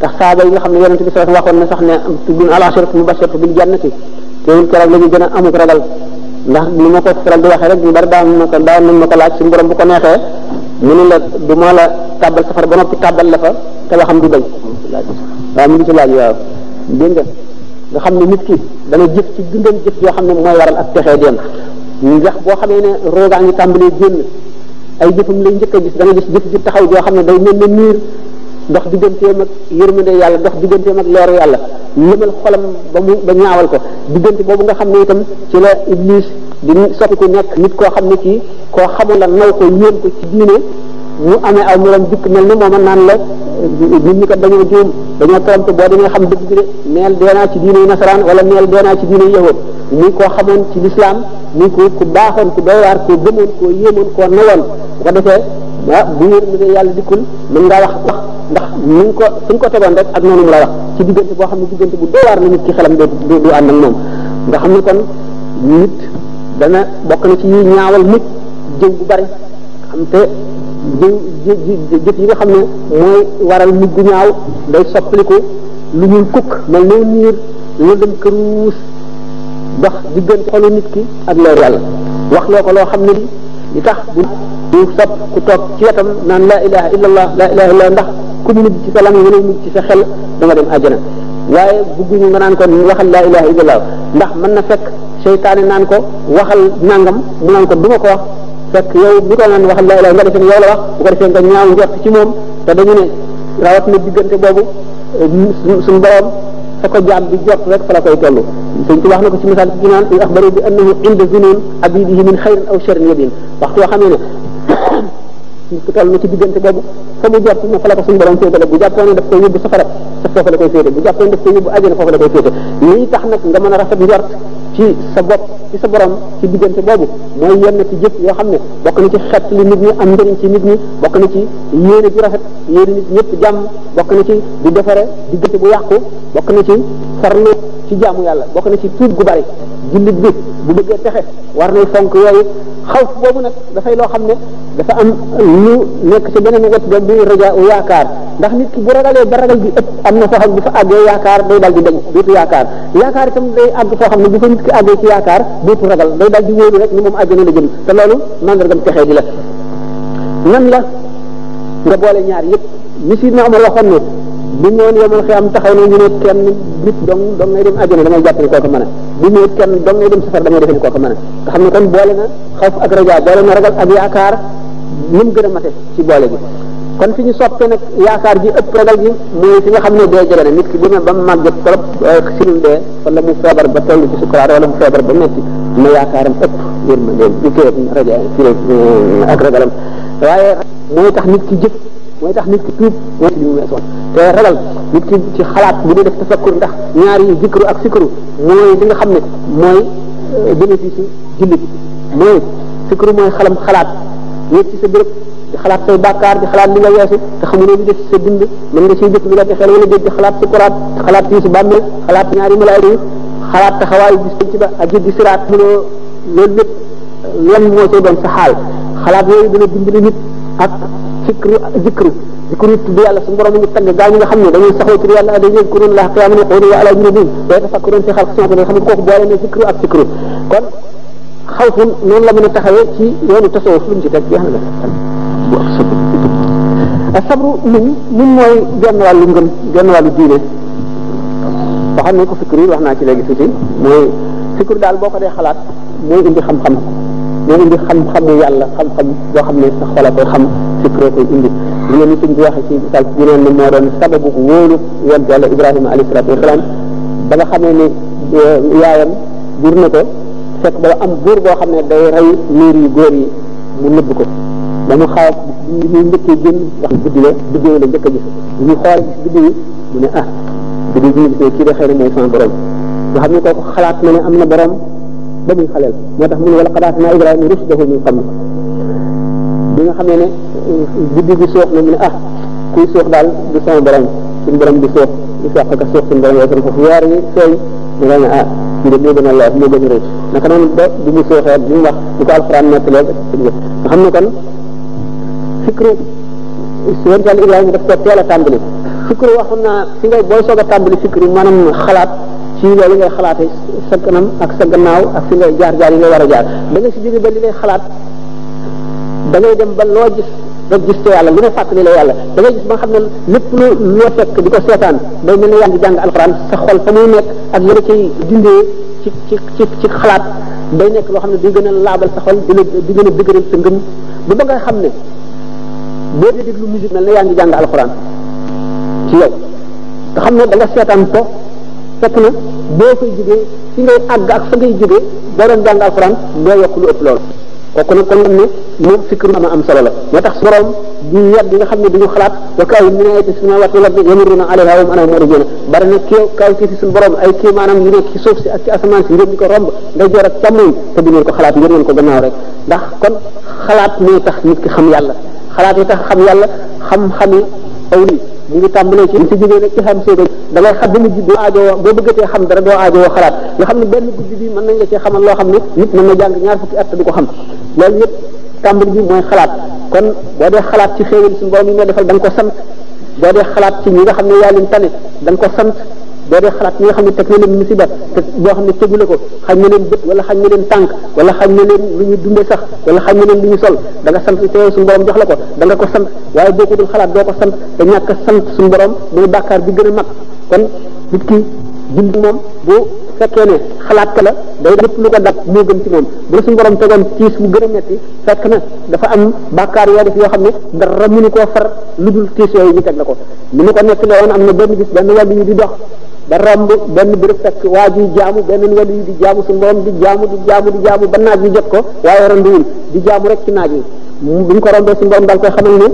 tax saaba yi nga xam ne yonente bi sallallahu alayhi na sax ne tuddun al-asharatu mubashshiratu bil jannati teewul keroog la ñu gën a amuk ragal ma ko faral di waxee rek ñu bari daan laaj suñu borom bu ko neexee la du ma la tàbbal safar ba noppi tàbbal la fa te waxam du dañ waaw mu ngi ci laaj xam ne nit ki dana jëf ci dundam jëf yoo xam ne mooy waral ak texee dem ndax boo xamee ne roogaa ngi tàmbalee génn ay jëfam lay njëkka bis gis da nga gis jëf ju taxaw joo xam ne day mel ne niir dox digganteem ak yërmande yàlla dox digganteem ak leeru yàlla lëmal xolam ba mu ba ñaawal ko diggante boobu nga xam ne itam ci la iblis di soppi ko nekk nit koo xam ne kii koo xamul la naw ko yéen ko ci diine mu amee aw moroom dikk mel ne a naan la nit ñi ko dañoo juum dañoo trompe boo dañoo xam dëgg bi de neel deenaa ci diine nasaraan wala neel muy koo xamoon ci lislaam muy ko ku baaxoon ku doy waar koo gëmoon koo yéemoon koo nawoon bu ko defee bu wér mu ne yàlla dikkul mën ngaa wax wax ndax ni nga ko suñ ko tegoon rek ak noonu mu la wax ci diggante boo xam ne diggante bu doy waar la nit ki xelam du du ànd ak moom nga xam ne kon nit dana bokk na ci yuy ñaawal nit jëw bu bari xam te jëw jëf yi nga xam ne mooy waral nit bu ñaaw day soppaliku lu ñuy kukk mel ne niir loolu dem këruus dox diggante xolu nit ki ak loolu yàlla wax loo ko loo xam ne li tax bu du sab ku toog ci wetam naan laa ilaha illa allah laa ilaha illa ndax ku mu mujj ci sa lam wala mujj ci sa xel da nga dem àjjana waaye bugguñu nga naan ko waxal laa ilaha illa ndax mën na fekk seytaane naan ko waxal nangam mu naan ko du ko wax fekk yow mi ko naan waxal laa ilaha nga defee yow la wax bu ko defee nga ñaaw njort ci moom te dañu ne rawat na diggante boobu euh, suñu borom fa ko jaam bi jot rek fa la koy toll sëñ ci wax na ko ci misaal ci naan in axbaru bi annahu inda zunoon abidihi min xayrin aw sharrin yabin waxtu yoo xam ne [COUGHS] nit ku toll na ci diggante boobu fa mu jot na fa la ko suñu borom féetale bu jàppoon ne daf koy yóbbu safara foofu la koy féete bu jàppoon ne daf koy yóbbu ajjana foofu la koy féete lii tax nag nga mën a rafet njort ci sa bopp ci sa borom ci diggante boobu mooy yenn ci jëf yoo xam ne bokk na ci xet li nit ñi am njëriñ ci nit ñi bokk na ci yéene ju rafet yéene nit ñëpp jàmm bokk na ci di defare diggante bu yàqu bokk na ci farlu ci jaamu yàlla bokk na ci tuub gu bari jullit bi bu bëggee texe war na fonk yooyu xaw boobu nag dafay loo xam ne dafa am lu nekk ci beneen wet ba muy raja yaakaar ndax nit ki bu ragalee ba ragal bi ëpp am na foo xam ne bu fa àggee yaakaar day dal di dañ dootu ci àggee ci yaakaar dootu ragal day daal di wóolu rek ni moom àjjana la jëm te loolu mandargam texee di la nan la nga boole ñaar yëpp ni si na amar waxoon ne bi ñoon yomal xiyam taxaw na ñu ne kenn nit dong dong ngay dem àjjana damay jàpp ne kooku mën a bi ñu ne kenn dong ngay dem safar damay defe ne kooku mën nga xam ne kon boole na xawf ak raja boole na ragal ak yaakaar ni mu gën a mate ci boole bi kon fi ñu soppe nag yaakaar ji ëpp ragal ji mooy fi nga xam ne dee jege na ki bu ne ba mu màgget trop euh, si lu dee wala mu feebar ba toll ci sukuraat wala mu feebar ba metti na yaakaaram ëpp yéen ma leen di kee rajo euh, tax nit ki jëf mooy tax nit ki tuub mooy li mu weesoon te ragal nit ki ci xalaat bu dee def tafakkur ndax ñaar yi ak sikru mooy li nga xam ne mooy euh, bénéfice jullit mooy sikru mooy xalam xalaat yéeg ci sa béréb xalaat say bàkkaar di xalaat li nga weesu te xamuloo li des sa dund mën nga siy jëkk bi la te xel wala déet di xalaat sukuraat di si bàmmeel xalaat ñaari malaayka yi xalaat taxawaayu gis ci ba ak jéggi siraat mënoo loolu lépp lan moo see doon sa xaal xalaat yooyu dina dimbali nit ak fikru zikru zikru tudd yàlla su borom ñu tagg gaa ñi nga xam ne dañuy saxoo ci yàlla dañuy yadkuruuna llaaha qiyaaman wa qu'uudan wa alaa junuubihim wa yatafakkaruuna fi xam nga kooku boole na zikru ak fikru kon xawfun noonu la mën a taxawee ci yoonu tasawuf lu mu ci teg jeex na bu ak sabr ak sabru muñ muñ mooy genn wàllu ngëm genn wàllu diine waxoon nañ ko fikir wax naa ci léegi tuuti mooy fikir daal boo ko dee xalaat mooy indi xam-xam mooy indi xam-xamu yàlla xam-xam boo xam ne sa xol a xam fikir koy indi li ngeen ni sëñ bi waxee ci misaal ci yeneen ne moo doon sababu wóolu yont yàlla Ibrahima alayhi salaatu wasalaam ba nga xamee ne euh, yaayam jur na ko fekk ba am buur boo xam ne day rey niir yu góor yi mu nëbb ko ba ñu xaw li muy njëkkee génn wax guddi la njëkk a bu ñu xoolee gis biddiw mu ne ah biddiw bi ñu gisee kii de xëy mooy sama borom nga xam ne kooku xalaat na ne am na borom ba muy xaleel moo tax mu ne wala xalaat naa Ibrahima rusdahu min qabl bi nga xam ne ne guddi gi soox na mu ne ah soox daal du sama borom suñu borom di soox di soox ak a soox suñu borom yooyu foofu weer yi feeñ mu ne ah kii de moo gën a moo gën a rëcc naka noonu ba bu mu sooxee bu mu wax bu ko alxuraan nekk léegi nga xam ne kon fikru yonent yàlla Ibrahima daf ko teel a tàmbali waxoon naa fi ngay booy soog a tàmbali fikru maanaam xalaat ci loolu ngay xalaatee sa kanam ak sa gannaaw ak fi ngay jaar jaar yi nga war a jaar da nga si jóge ba li xalaat da ngay dem ba loo gis rek yàlla lu ne fàttali la yàlla da ngay ba nga xam ne lépp lu loo fekk di ko seetaan day mel ne yaa ngi jàng alxuraan sa xol fa muy nekk ak yéen a ciy dindee ci ci ci ci xalaat day nekk loo xam ne di gën a laabal sa xol di la gën a dëgëral sa ngëm bu ba nga xam ne boo dee déglu musique mel na yaa ngi jàng alxuraan ci yow nga xam ne danga nga seetaan ko fekk na boo koy jógee fi ngay àgg ak fa ngay jógee boo doon jàng alxuraan doo lu ëpp loolu kooku nag kon xam ne moom fikru ama am solo la moo tax su borom ñu bi nga xam ne duñu xalaat wa kaw min ayati samawati wal ardi yamuruna alayha wa hum anha muridun bari na kéew kaw ci fi suñu borom ay kii maanaam yu nekk ci suuf si ak ci asamaan si ngeen di ko romb nday joor ak càmmoñ te du ngeen ko xalaat ngeen ko gannaaw rek ndax kon xalaat mooy tax nit ki xam yàlla xalaat yi tax xam yàlla xam-xami awli mu ngi tàmbalee ci si jógee nag ci xam seega da ngay xam ba mujj doo aajowoo boo bëggatee xam dara doo aajowoo xalaat nga xam ne benn guddi bi mën nañ la ci xamal loo xam ne nit mën na jàng ñaar fukki at du ko xam loolu yëpp tàmbali bi mooy xalaat kon boo dee xalaat ci xéewal suñu borom yi nga defal da nga ko sant boo dee xalaat ci ñi nga xam ne yaa leen tane da nga ko sant boo dee xalaat ñi nga xam ne teg na leen musiba te boo xam ne tegule ko xañ na leen bët wala xañ na leen tànk wala xañ na leen lu ñu dunde sax wala xam na leen lu ñu sol danga nga sant te suñu borom jox la ko danga ko sant waaye boo ko dul xalaat doo ko sant te ñàkk a sant suñu borom mooy bàkkaar bi gën a mag kon nit ki jullit moom bu fekkee ne xalaat ka la day lépp lu ko dab moo gën ci moom bu la suñu borom tegoon tiis bu gën a metti fekk na dafa am bàkkaar yoo def yoo xam ne dara mënu koo far lu dul tiis yooyu ñu teg la ko ni mu ko nekk la woon am na benn di dox ba romb benn bërëb fekk waa ji jaamu benn wàll yi di jaamu su mboom di jaamu di jaamu di jaamu ba naaj bi jot ko waaye randuwul di jaamu rek ci naaj bi bu ko rombee su mboom daal koy xamal ne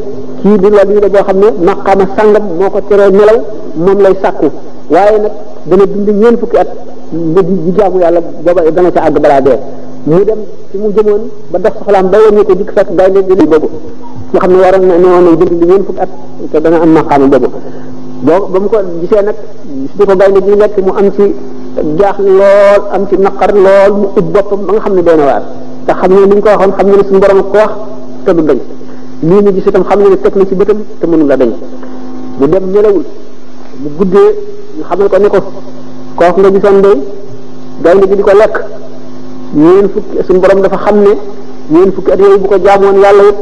kii di wàll yi la xam ne maqaama sàngam moo ko teree nelaw moom lay sàkku waaye nag dana dund ñeen fukki at ba di yàlla booba dana ca àgg balaa dee mu dem fi mu jëmoon ba dox soxlaam ba woon ñu ko dikk fekk gaynde bi boobu nga xam ne waroon na ne woon dund ñeen fukki at te dana am maqaama boobu boobu ba mu ko gisee nag di ko gaynde gi lekk mu am ci jaax lool am ci naqar lool mu ub boppam ba nga xam ne doona waar te xam ne ni ñu ko waxoon xam ne ne suñu borom ko wax te gis itam xam ne ne teg ci bëtam te mënu la dañ dem nelawul mu guddee ñu xamal ko ne ko kooku nga gisoon day gaynde gi di ko lekk ñeen fukki suñu borom dafa xam ne ñeen fukki at yooyu bu ko jaamoon yàlla yëpp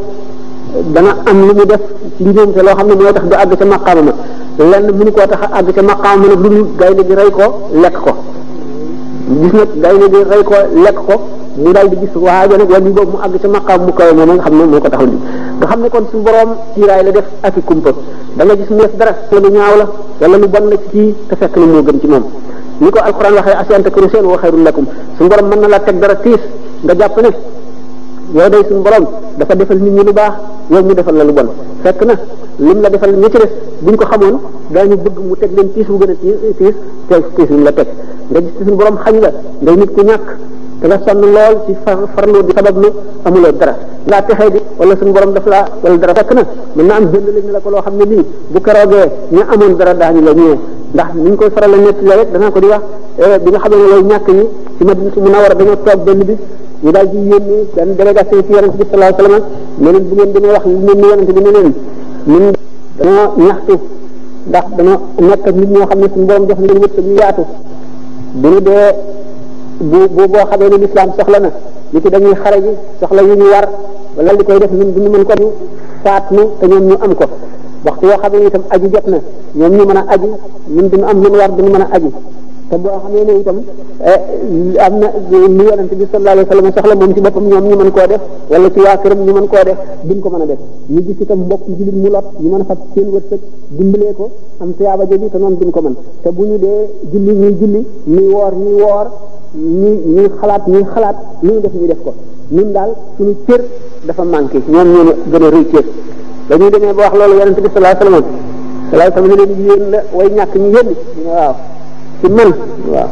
dana am lu mu def ci njuumte loo xam ne mooy tax du àgg ca maqaama ma lenn mënu koo tax a àgg ca maqaama ma nag lu dul gaynde gi rey ko lekk ko gis nag gaynde gi rey ko lekk ko mu daal di gis waaja nag wàññi boobu mu àgg ca maqaam mu kawe moom nga xam ne moo ko taxaw di xam ne kon suñu borom kiiraay ak i kumpa da nga gis mu def dara la lu ñaaw la wala la ci kii te fekk na moo gën ci moom ni ko alxuraan waxee asiante kuru seen wa xayrun lakum suñu borom mën na laa teg dara tiis nga jàpp ne yow day suñu borom dafa defal nit ñi lu baax yow mu defal la lu bon fekk na lim la defal ñi ci des buñ ko xamoon daañu bëgg mu teg leen tiis bu gën a tiis tiis tiis bi la teg nga gis ci borom xañ la ngay nit ku ñàkk te nga sonn lool ci farloo di sabab lu amuloo dara laa texee di wala suñu borom daf laa wala dara fekk na mën na am jënd lañ la ko loo xam ne nii bu keroogee ñu amoon dara daañu la ñëwee ndax ni ñu koy faral a rek danaa ko di wax eh, bi nga xam ne loolu ñàkk ñi ci Madinatu Munawwara dañoo toog benn bis ñu daal di yónni benn délégation ci yonente bi sallallahu alayhi wasallam ne leen bu ngeen demee wax li ngeen ni yonente bi ne leen ñun dañoo ñaxtu ndax dañoo nekk nit ñoo xam ne suñu borom jox leen wërsëg ñu yaatu bu ñu dee bu bu boo xamee ne lislaam soxla na li ci dañuy xare ji soxla yu ñu war wala li koy def ñun du ñu mën ko saat nu te ñoom ñu am ko waxtu yoo xamee ne itam aji jot na ñoom ñu mën a aji ñun duñu am mën war duñu mën a aji te boo xamee ne itam eh, am na lu yonent bi sallallahu alayhi wasallam soxla moom ci boppam ñoom ñu mën koo def wala ci waa këram ñu mën koo def duñ ko mën a def ñu gis itam mbokk jullit mu lot ñu mën a fab seen wërsëg dimbalee ko am tiyaaba jooju te noonu duñ ko mën te bu ñu dee julli ñuy julli ñuy woor ñuy woor ñuy ñuy xalaat ñuy xalaat lu ñu def ñu def ko ñun daal suñu cër dafa manqué ñoom ñoo gën a rëy cër ba ñuy demee ba wax loolu yonente bi sallallahu alayhi wasallam sallallahu alayhi wasallam ne leen yéen la way ñàkk ñu yénni ñu ne waaw ci man waaw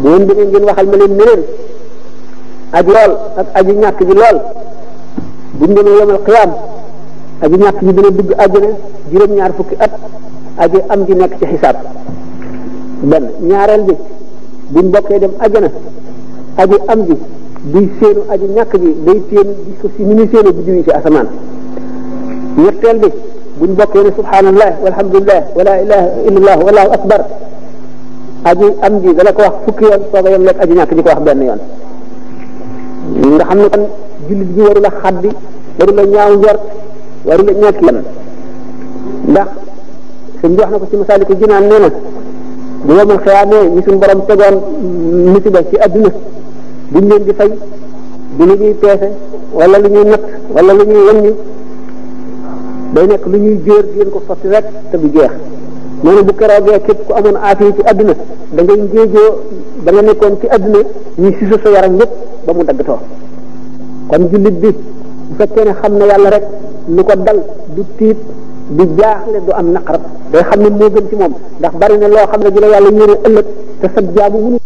bu ngeen demee ngeen waxal ma leen ne leen aj lool ak aju ñàkk ji lool buñu demee yomal xiyaam aju ñàkk ji dina dugg àjjana juróom-ñaar fukki at aju am ji nekk ci xisaab benn ñaareel bi buñ bokkee dem àjjana aju am ji buy séenu aju ñàkk ji day séenu gis ko si ni muy séenu biddiw yi ci asamaan ñetteel bi buñ bokkee ne subhanallah walhamdulillah wala ilaha illallah wallahu akbar aji am ji dana ko wax fukki yoon sooga yam nekk aji ñàkk di ko wax benn yoon nga xam ne kon jullit bi waru la xaddi waru la ñaaw njort waru la ñàkk yam ndax suñ bi na ko si masaaliku jinaan nee na bu yomul xiyaamee ñi suñ borom tegoon musiba ci adduna buñ leen di fay du lu ñuy peese wala lu ñuy natt wala lu day nekk lu ñuy jéer di leen ko sotti rek te bu jeex nee na bu keroogee képp ku amoon aafiya ci àdduna da ngay ngéejoo da nga nekkoon ci àdduna ñuy siso sa yaram yépp ba mu daggatoo kon jullit bi bu fekkee ne xam na yàlla rek lu ko dal du tiit du jaaxle du am naqar day xam ne moo gën ci moom ndax bari na loo xam ne ji yàlla ñëwee ëllëg te sag jaabu